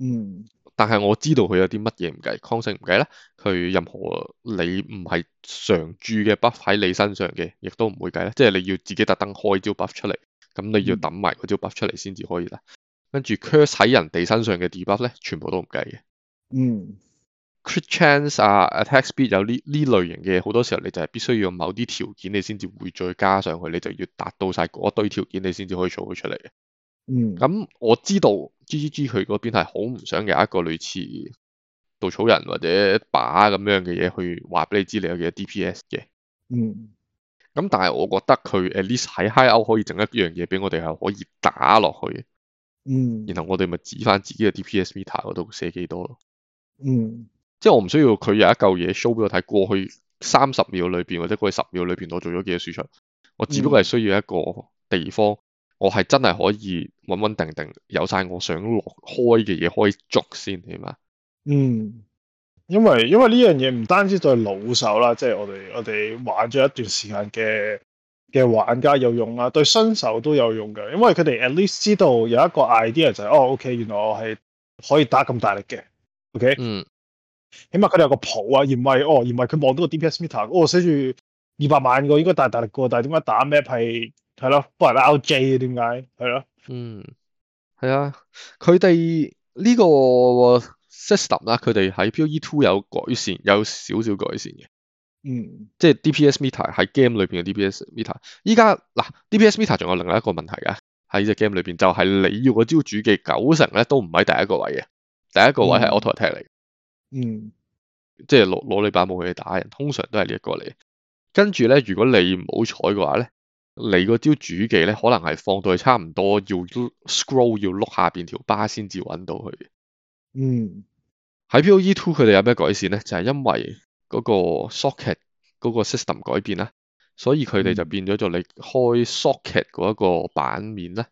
嗯。但係我知道佢有啲乜嘢唔計，抗性唔計啦。佢任何你唔係常駐嘅 buff 喺你身上嘅，亦都唔會計啦。即係你要自己特登開招 buff 出嚟，咁你要等埋嗰招 buff 出嚟先至可以啦。跟住 curse 喺人哋身上嘅 debuff 咧，全部都唔計嘅。嗯，crit chance 啊，attack speed 有呢呢類型嘅好多時候，你就係必須要某啲條件，你先至會再加上去。你就要達到晒嗰堆條件，你先至可以做到出嚟嘅。嗯，咁我知道 G G G 佢嗰邊係好唔想有一個類似稻草人或者一靶咁樣嘅嘢去話俾你知你有幾多 D P S 嘅。嗯，咁但係我覺得佢 at least 喺 hideout 可以整一樣嘢俾我哋係可以打落去。嗯，然後我哋咪指翻自己嘅 D P S meter 嗰度寫幾多咯。嗯，即係我唔需要佢有一舊嘢 show 俾我睇，過去三十秒裏邊或者過去十秒裏邊我做咗幾多輸出，我只不過係需要一個地方。我係真係可以穩穩定定有晒我想落開嘅嘢，可以捉先，起碼，嗯，因為因為呢樣嘢唔單止對老手啦，即係我哋我哋玩咗一段時間嘅嘅玩家有用啦，對新手都有用嘅，因為佢哋 at least 知道有一個 idea 就係哦，OK，原來我係可以打咁大力嘅，OK，嗯，起碼佢哋有個譜啊，而唔係哦，而唔係佢望到個 DPS meter，哦寫住二百萬個應該大大力過，但係點解打咩係？係咯，幫人 out J 點解？係咯，嗯，係啊，佢哋呢個 system 啦，佢哋喺 Poe Two 有改善，有少少改善嘅，嗯，即係 DPS meter 喺 game 裏邊嘅 DPS meter，依家嗱 DPS meter 仲有另外一個問題嘅，喺呢隻 game 裏邊就係你要嗰招主技九成咧都唔喺第一個位嘅，第一個位係 Auto Attack 嚟，嗯，即係攞攞你把武器打人，通常都係呢一個嚟，跟住咧如果你唔好彩嘅話咧。你嗰招主技咧，可能係放到去差唔多要 scroll 要碌下邊條巴先至揾到佢。嗯。喺 Poe Two 佢哋有咩改善咧？就係、是、因為嗰個 socket 嗰個 system 改變啦，所以佢哋就變咗做你開 socket 嗰一個版面咧，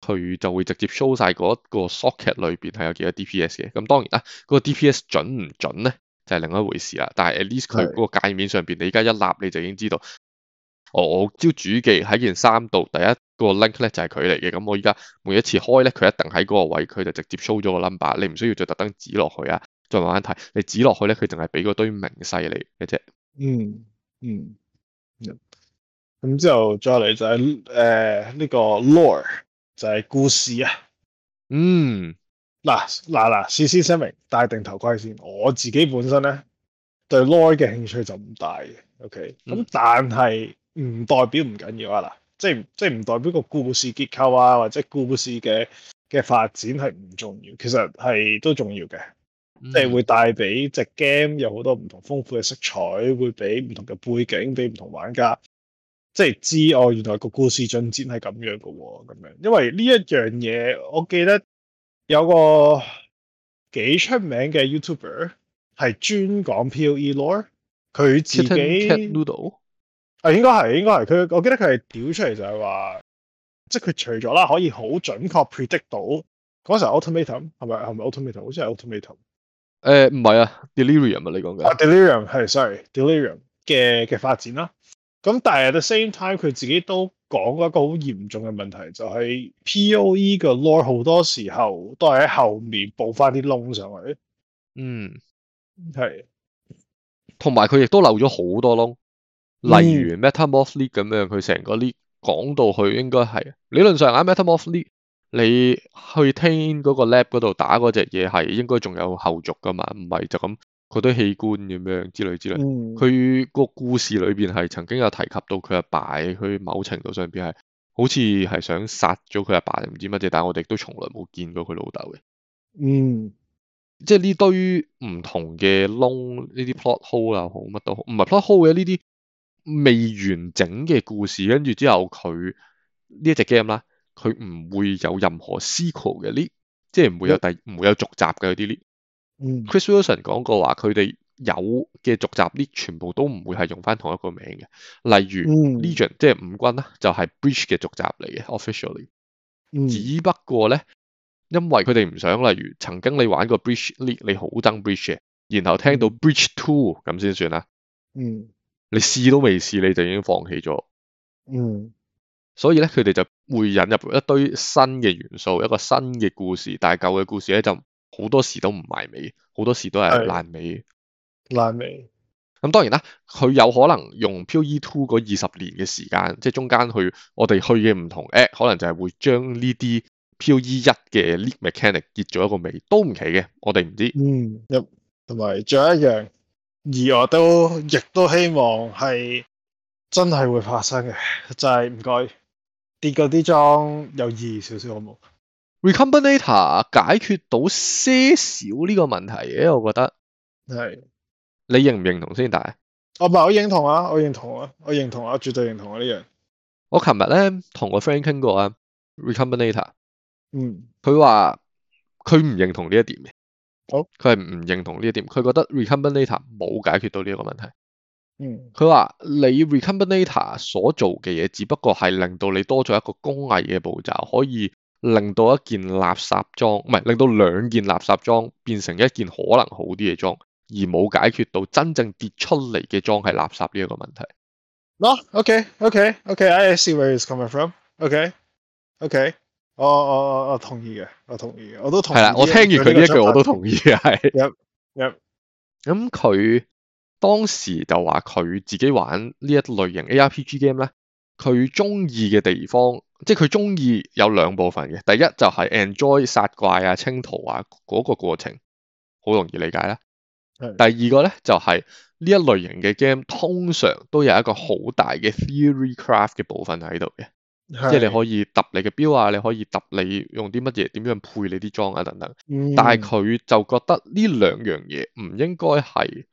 佢、嗯、就會直接 show 晒嗰個 socket 裏邊係有幾多 DPS 嘅。咁當然啦，嗰、那個 DPS 準唔準咧，就係、是、另外一回事啦。但係 at least 佢嗰個界面上邊，你而家一立你就已經知道。我招主記喺件衫度，第一個 link 咧就係佢嚟嘅。咁我依家每一次開咧，佢一定喺嗰個位，佢就直接 show 咗個 number，你唔需要再特登指落去啊，再慢慢睇。你指落去咧，佢淨係俾嗰堆名細你嘅啫。嗯嗯，咁、嗯、之後再嚟就係誒呢個 lore 就係故事啊。嗯，嗱嗱嗱，事先聲明戴定頭盔先。我自己本身咧對 lore 嘅興趣就唔大嘅。O K，咁但係。嗯唔代表唔緊要啊嗱，即係即係唔代表個故事結構啊，或者故事嘅嘅發展係唔重要，其實係都重要嘅、嗯，即係會帶俾隻 game 有好多唔同豐富嘅色彩，會俾唔同嘅背景，俾唔同玩家即係知哦，原來個故事進展係咁樣㗎喎，咁樣，因為呢一樣嘢，我記得有個幾出名嘅 YouTuber 係專講 POE lore，佢自己啊，應該係，應該係。佢我記得佢係屌出嚟就係話，即係佢除咗啦，可以好準確 predict 到嗰時候 automatum 係咪係咪 automaton？好似係 automaton。誒唔係啊，delirium 啊你講緊、啊。delirium 係，sorry，delirium 嘅嘅發展啦。咁但係 at the same time，佢自己都講過一個好嚴重嘅問題，就係、是、POE 嘅 lore 好多時候都係喺後面補返啲窿上去。嗯，係。同埋佢亦都漏咗好多窿。例如 Metamorph league 咁樣，佢成個 league 講到去應該係理論上啊，Metamorph league 你去聽嗰個 lab 嗰度打嗰隻嘢係應該仲有後續噶嘛，唔係就咁嗰堆器官咁樣之類之類。佢、嗯、個故事裏邊係曾經有提及到佢阿爸，爸，佢某程度上邊係好似係想殺咗佢阿爸，爸，唔知乜嘢，但係我哋都從來冇見過佢老豆嘅。嗯，即係呢堆唔同嘅窿，呢啲 plot hole 又好，乜都好，唔係 plot hole 嘅呢啲。未完整嘅故事，跟住之後佢呢一隻 game 啦，佢唔會有任何 sequel 嘅，呢即係唔會有第唔、嗯、會有續集嘅嗰啲呢。Chris Wilson 講過話，佢哋有嘅續集 i 呢，全部都唔會係用翻同一個名嘅。例如 Legion、嗯、即係五軍啦，就係、是、Bridge 嘅續集嚟嘅，officially、嗯。只不過咧，因為佢哋唔想，例如曾經你玩過 Bridge Lead，你好憎 Bridge 嘅，然後聽到 Bridge Two 咁先算啦。嗯。你試都未試，你就已經放棄咗。嗯。所以咧，佢哋就會引入一堆新嘅元素，一個新嘅故事，但係舊嘅故事咧就好多時都唔埋尾，好多時都係爛尾，哎。爛尾。咁當然啦，佢有可能用 POE2 嗰二十年嘅時間，即係中間去我哋去嘅唔同 App，可能就係會將呢啲 POE1 嘅 league mechanic 結咗一個尾，都唔奇嘅。我哋唔知。嗯。同埋，仲有一樣。而我都亦都希望係真係會發生嘅，就係唔該跌嗰啲裝有意義少少好唔好？。Recombinator 解決到些少呢個問題嘅，我覺得係你認唔認同先？大係我唔係我認同啊，我認同啊，我認同啊，我絕對認同啊呢樣。我琴日咧同個 friend 傾過啊，Recombinator，嗯，佢話佢唔認同呢一點嘅。好，佢係唔認同呢一點，佢覺得 recombinator 冇解決到呢一個問題。嗯，佢話你 recombinator 所做嘅嘢，只不過係令到你多咗一個工藝嘅步驟，可以令到一件垃圾裝，唔係令到兩件垃圾裝變成一件可能好啲嘅裝，而冇解決到真正跌出嚟嘅裝係垃圾呢一個問題。嗱、no?，OK，OK，OK，Iokay. okay. okay. see where it's coming from。OK，OK。.我我我我同意嘅，我同意嘅，我都同意。係啦，我聽完佢呢一句，我都同意係。咁、嗯、佢、嗯嗯、當時就話佢自己玩呢一類型 ARPG game 咧，佢中意嘅地方，即係佢中意有兩部分嘅。第一就係 enjoy 殺怪啊、清圖啊嗰、那個過程，好容易理解啦。第二個咧就係、是、呢一類型嘅 game 通常都有一個好大嘅 theory craft 嘅部分喺度嘅。是即係你可以揼你嘅標啊，你可以揼你用啲乜嘢，點樣配你啲裝啊，等等。嗯，但係佢就覺得呢兩樣嘢唔應該係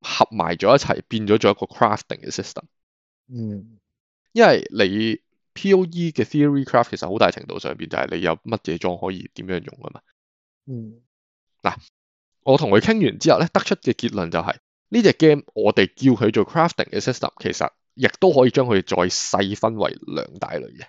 合埋咗一齊，變咗做一個 crafting 嘅 system。嗯，因為你 POE 嘅 theory craft 其實好大程度上邊就係你有乜嘢裝可以點樣用啊嘛。嗯，嗱，我同佢傾完之後咧，得出嘅結論就係呢隻 game 我哋叫佢做 crafting 嘅 system，其實。亦都可以將佢再細分為兩大類嘅，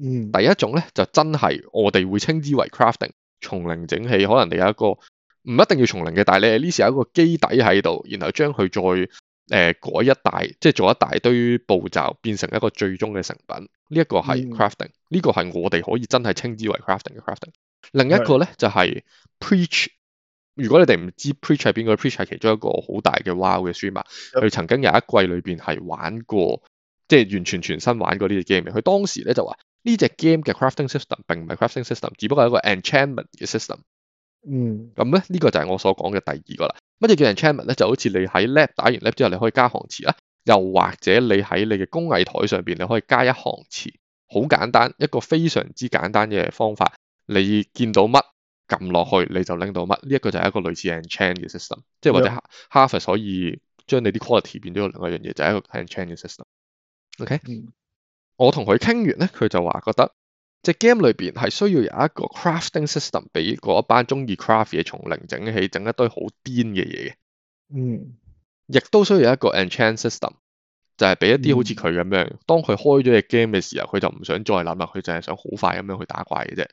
嗯，第一種咧就真係我哋會稱之為 crafting，從零整起，可能你有一個唔一定要從零嘅，但係你呢時有一個基底喺度，然後將佢再誒、呃、改一大，即係做一大堆步驟，變成一個最終嘅成品，呢、這、一個係 crafting，呢個係我哋可以真係稱之為 crafting 嘅 crafting。另一個咧、right。就係 preach。如果你哋唔知道 Preach 係邊個，那個，Preach 係其中一個好大嘅 Wow 嘅 streamer，佢曾經有一季裏面係玩過，即係完全全新玩過呢隻 game。佢當時咧就話呢隻 game 嘅 crafting system 並唔係 crafting system，只不過係一個 enchantment 嘅 system。嗯，咁咧呢個就係我所講嘅第二個啦。乜嘢叫 enchantment 咧？就好似你喺 lab 打完 lab 之後，你可以加行詞啦，又或者你喺你嘅工藝台上邊你可以加一行詞，好簡單，一個非常之簡單嘅方法。你見到乜？撳落去你就拎到乜？呢、這、一個就係一個類似 enchant 嘅 system，即係或者 Harvest 可以將你啲 quality 變咗另一樣嘢，就係、是、一個 enchant 嘅 system okay?、嗯。OK，我同佢傾完咧，佢就話覺得隻 game 裏面係需要有一個 crafting system 俾嗰一班中意 craft 嘅從零整起整一堆好癲嘅嘢嘅。嗯，亦都需要有一個 enchant system，就係俾一啲好似佢咁樣，嗯、當佢開咗隻 game 嘅時候，佢就唔想再諗啦，佢就係想好快咁樣去打怪嘅啫。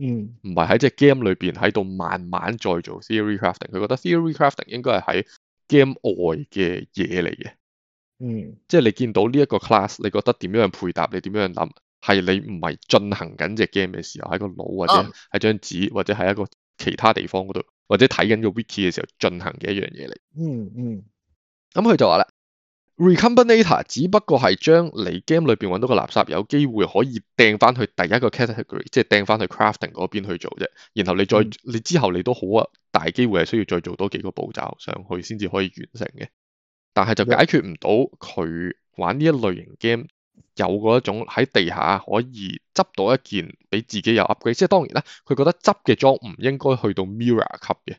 嗯，唔係喺隻 game 裏邊喺度慢慢再做 theory crafting，佢覺得 theory crafting 應該係喺 game 外嘅嘢嚟嘅。嗯，即係你見到呢一個 class，你覺得點樣去配搭，你點樣去諗，係你唔係進行緊隻 game 嘅時候，喺個腦或者喺張紙或者喺一個其他地方嗰度，或者睇緊個 wiki 嘅時候進行嘅一樣嘢嚟。嗯嗯，咁佢就話啦。Recombinator 只不過係將你 game 裏邊揾到個垃圾，有機會可以掟翻去第一個 category，即係掟翻去 crafting 嗰邊去做啫。然後你再你之後你都好啊，大機會係需要再做多幾個步驟上去先至可以完成嘅。但係就解決唔到佢玩呢一類型 game 有嗰一種喺地下可以執到一件畀自己有 upgrade。即係當然啦，佢覺得執嘅裝唔應該去到 mirror 級嘅。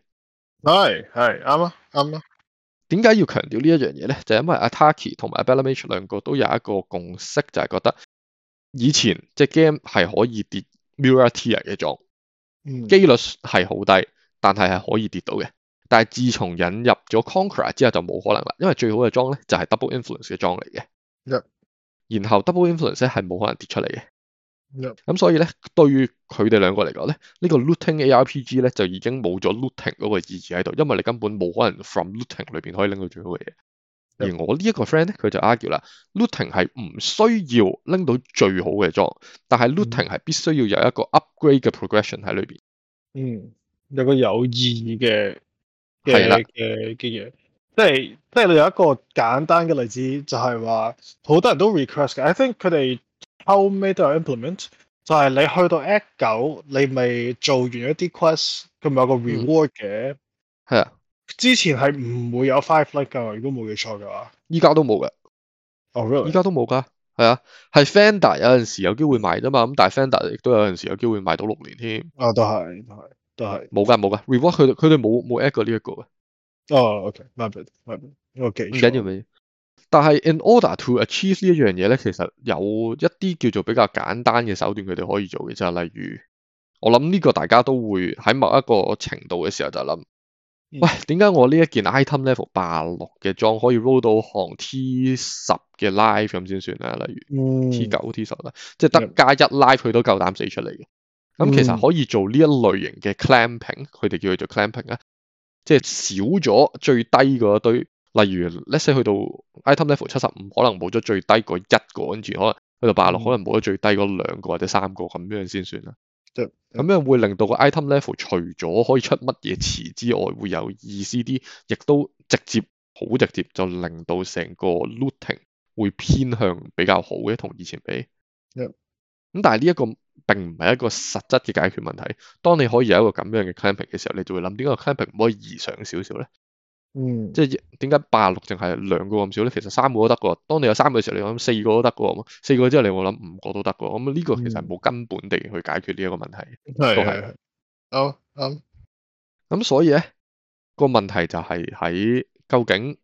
係係啱啊，啱啊！點解要強調這件事呢一樣嘢咧？就是、因為 Ataki 同埋 Abelamich 兩個都有一個共識，就係覺得以前隻 game 係可以跌 mirror tier 嘅裝、嗯，幾率係好低，但係係可以跌到嘅。但係自從引入咗 Conqueror 之後就冇可能啦，因為最好嘅裝咧就係、是、double influence 嘅裝嚟嘅，嗯、然後 double influence 係冇可能跌出嚟嘅。咁 *noise* 所以咧，對於佢哋兩個嚟講咧，呢個 looting ARPG 咧就已經冇咗 looting 嗰個意義喺度，因為你根本冇可能 from looting 裏邊可以拎到最好嘅嘢、嗯。而我呢一個 friend 咧，佢就 argue 啦，looting 係唔需要拎到最好嘅裝，但係 looting 係必須要有一個 upgrade 嘅 progression 喺裏邊。嗯，有個有意義嘅嘅嘅嘅嘢，即係即係你有一個簡單嘅例子，就係話好多人都 request，I think 佢哋。後尾都有 implement，就係你去到 X 九，你咪做完一啲 quest，佢咪有個 reward 嘅。係、嗯、啊，之前係唔會有 five like 㗎，如果冇記錯嘅話。依家都冇嘅，哦、oh, really?，依家都冇㗎，係啊，係 Fender 有陣時有機會賣㗎嘛，咁但係 Fender 亦都有陣時有機會賣到六年添。啊，都係，都係，都係。冇㗎，冇㗎，reward 佢佢哋冇冇 add 過呢一個嘅。哦、oh,，OK，明白、okay,，明白，OK。但係，in order to achieve 呢一樣嘢咧，其實有一啲叫做比較簡單嘅手段，佢哋可以做嘅就係例如，我諗呢個大家都會喺某一個程度嘅時候就諗，喂、嗯，點、哎、解我呢一件 item level 八六嘅裝可以 roll 到行 T 十嘅 live 咁先算啦？例如 T 九、T 十啦，T9, T10, 即係得加一 live 佢都夠膽死出嚟嘅。咁、嗯嗯、其實可以做呢一類型嘅 clamping，佢哋叫佢做 clamping 啊，即係少咗最低嗰堆。例如，let's say 去到 item level 七十五，可能冇咗最低嗰一個，跟住，可能去到八十六，可能冇咗最低嗰兩個或者三個咁樣先算啦。即咁樣會令到個 item level 除咗可以出乜嘢詞之外，會有意思啲，亦都直接好直接就令到成個 looting 會偏向比較好嘅，同以前比。咁、yeah. 但係呢一個並唔係一個實質嘅解決問題。當你可以有一個咁樣嘅 clamping 嘅時候，你就會諗點解 clamping 唔可以異常少少咧？嗯，即係點解八十六淨係兩個咁少咧？其實三個都得嘅，當你有三個嘅時候，你諗四個都得嘅，咁四個之後你會諗五個都得嘅，咁、嗯、呢、嗯這個其實係冇根本地去解決呢一個問題。係、嗯、係，咁、嗯嗯、所以咧、那個問題就係喺究竟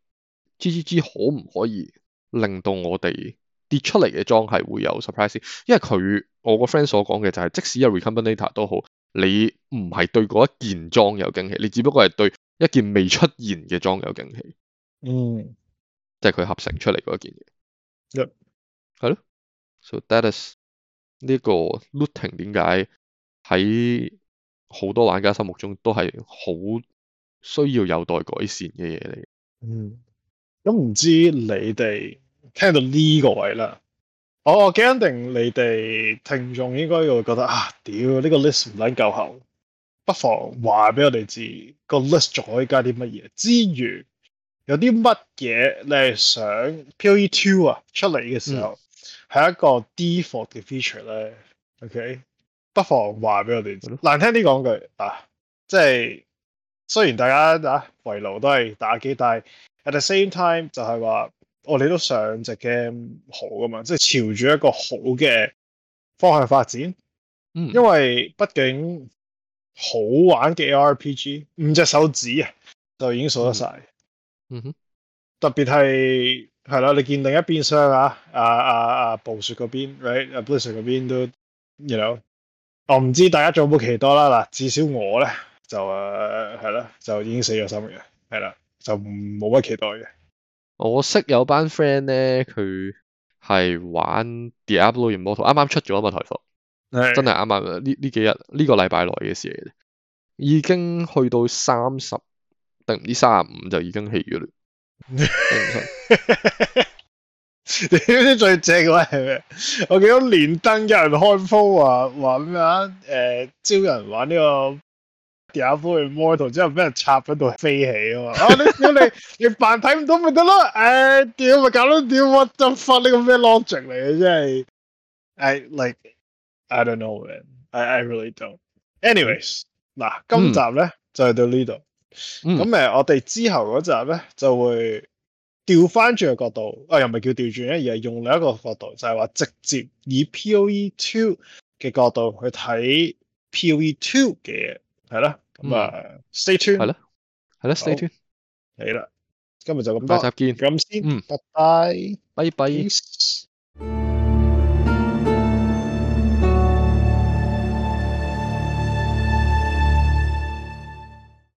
G G G 可唔可以令到我哋跌出嚟嘅裝係會有 surprising？因為佢我個 friend 所講嘅就係即使有 recombinator 都好。你唔係對嗰一件裝有驚喜，你只不過係對一件未出現嘅裝有驚喜。嗯，即係佢合成出嚟嗰件嘢。Yup. 係咯。So that is 呢個 looting 點解喺好多玩家心目中都係好需要有待改善嘅嘢嚟。嗯。咁唔知你哋聽到呢個位啦。哦、我我肯定你哋聽眾應該會覺得啊，屌、這、呢個 list 唔撚夠喉。不妨話俾我哋知，個 list 仲可以加啲乜嘢，之餘有啲乜嘢你係想 POE2 啊出嚟嘅時候係、嗯、一個 default 嘅 feature 咧？OK，不妨話俾我哋知。嗯。難聽啲講句啊，即係雖然大家啊，圍爐都係打機，但係 at the same time 就係話。我哋都上隻 game 好噶嘛，即係朝住一個好嘅方向發展。嗯，因為畢竟好玩嘅 ARPG 五隻手指啊，就已經數得晒。嗯。嗯哼，特別係係啦，你見另一邊廂啊，阿阿阿暴雪嗰邊，right，Blizzard 嗰邊都，you know，我唔知大家仲有冇期待啦。嗱，至少我咧就誒係啦，就已經死咗心嘅，係啦，就冇乜期待嘅。我識有班 friend 咧，佢係玩 Diablo Immortal, 剛剛《Diablo Immortal 啱啱出咗啊嘛台服，真係啱啱呢呢幾日呢、這個禮拜內嘅事嚟，已經去到三十定唔知三十五就已經起咗。 *laughs* 嗯、 *laughs* *laughs* 你知唔知最正嘅係咩？我見到連登有人開鋪話話咩啊？誒、呃，招人玩呢、這個。啲阿哥去摸，同之後俾人插喺度飛起啊！嘛， *laughs* 你你你扮睇唔到咪得咯？誒、啊，屌咪搞到屌，我就發呢個咩 l 邏輯嚟嘅？真係，I like I don't know, when I really don't. Anyways，嗱，今集咧、mm. 就到呢度。咁誒，我哋之後嗰集咧就會調翻轉個角度，啊，又唔係叫調轉咧，而係用另一個角度，就係、是、話直接以 P O E two 嘅角度去睇 P O E two 嘅係啦。咁啊，stay tuned，係啦，係啦，stay tuned，係啦，今日就咁多，下集見，咁先，嗯，拜拜，拜拜。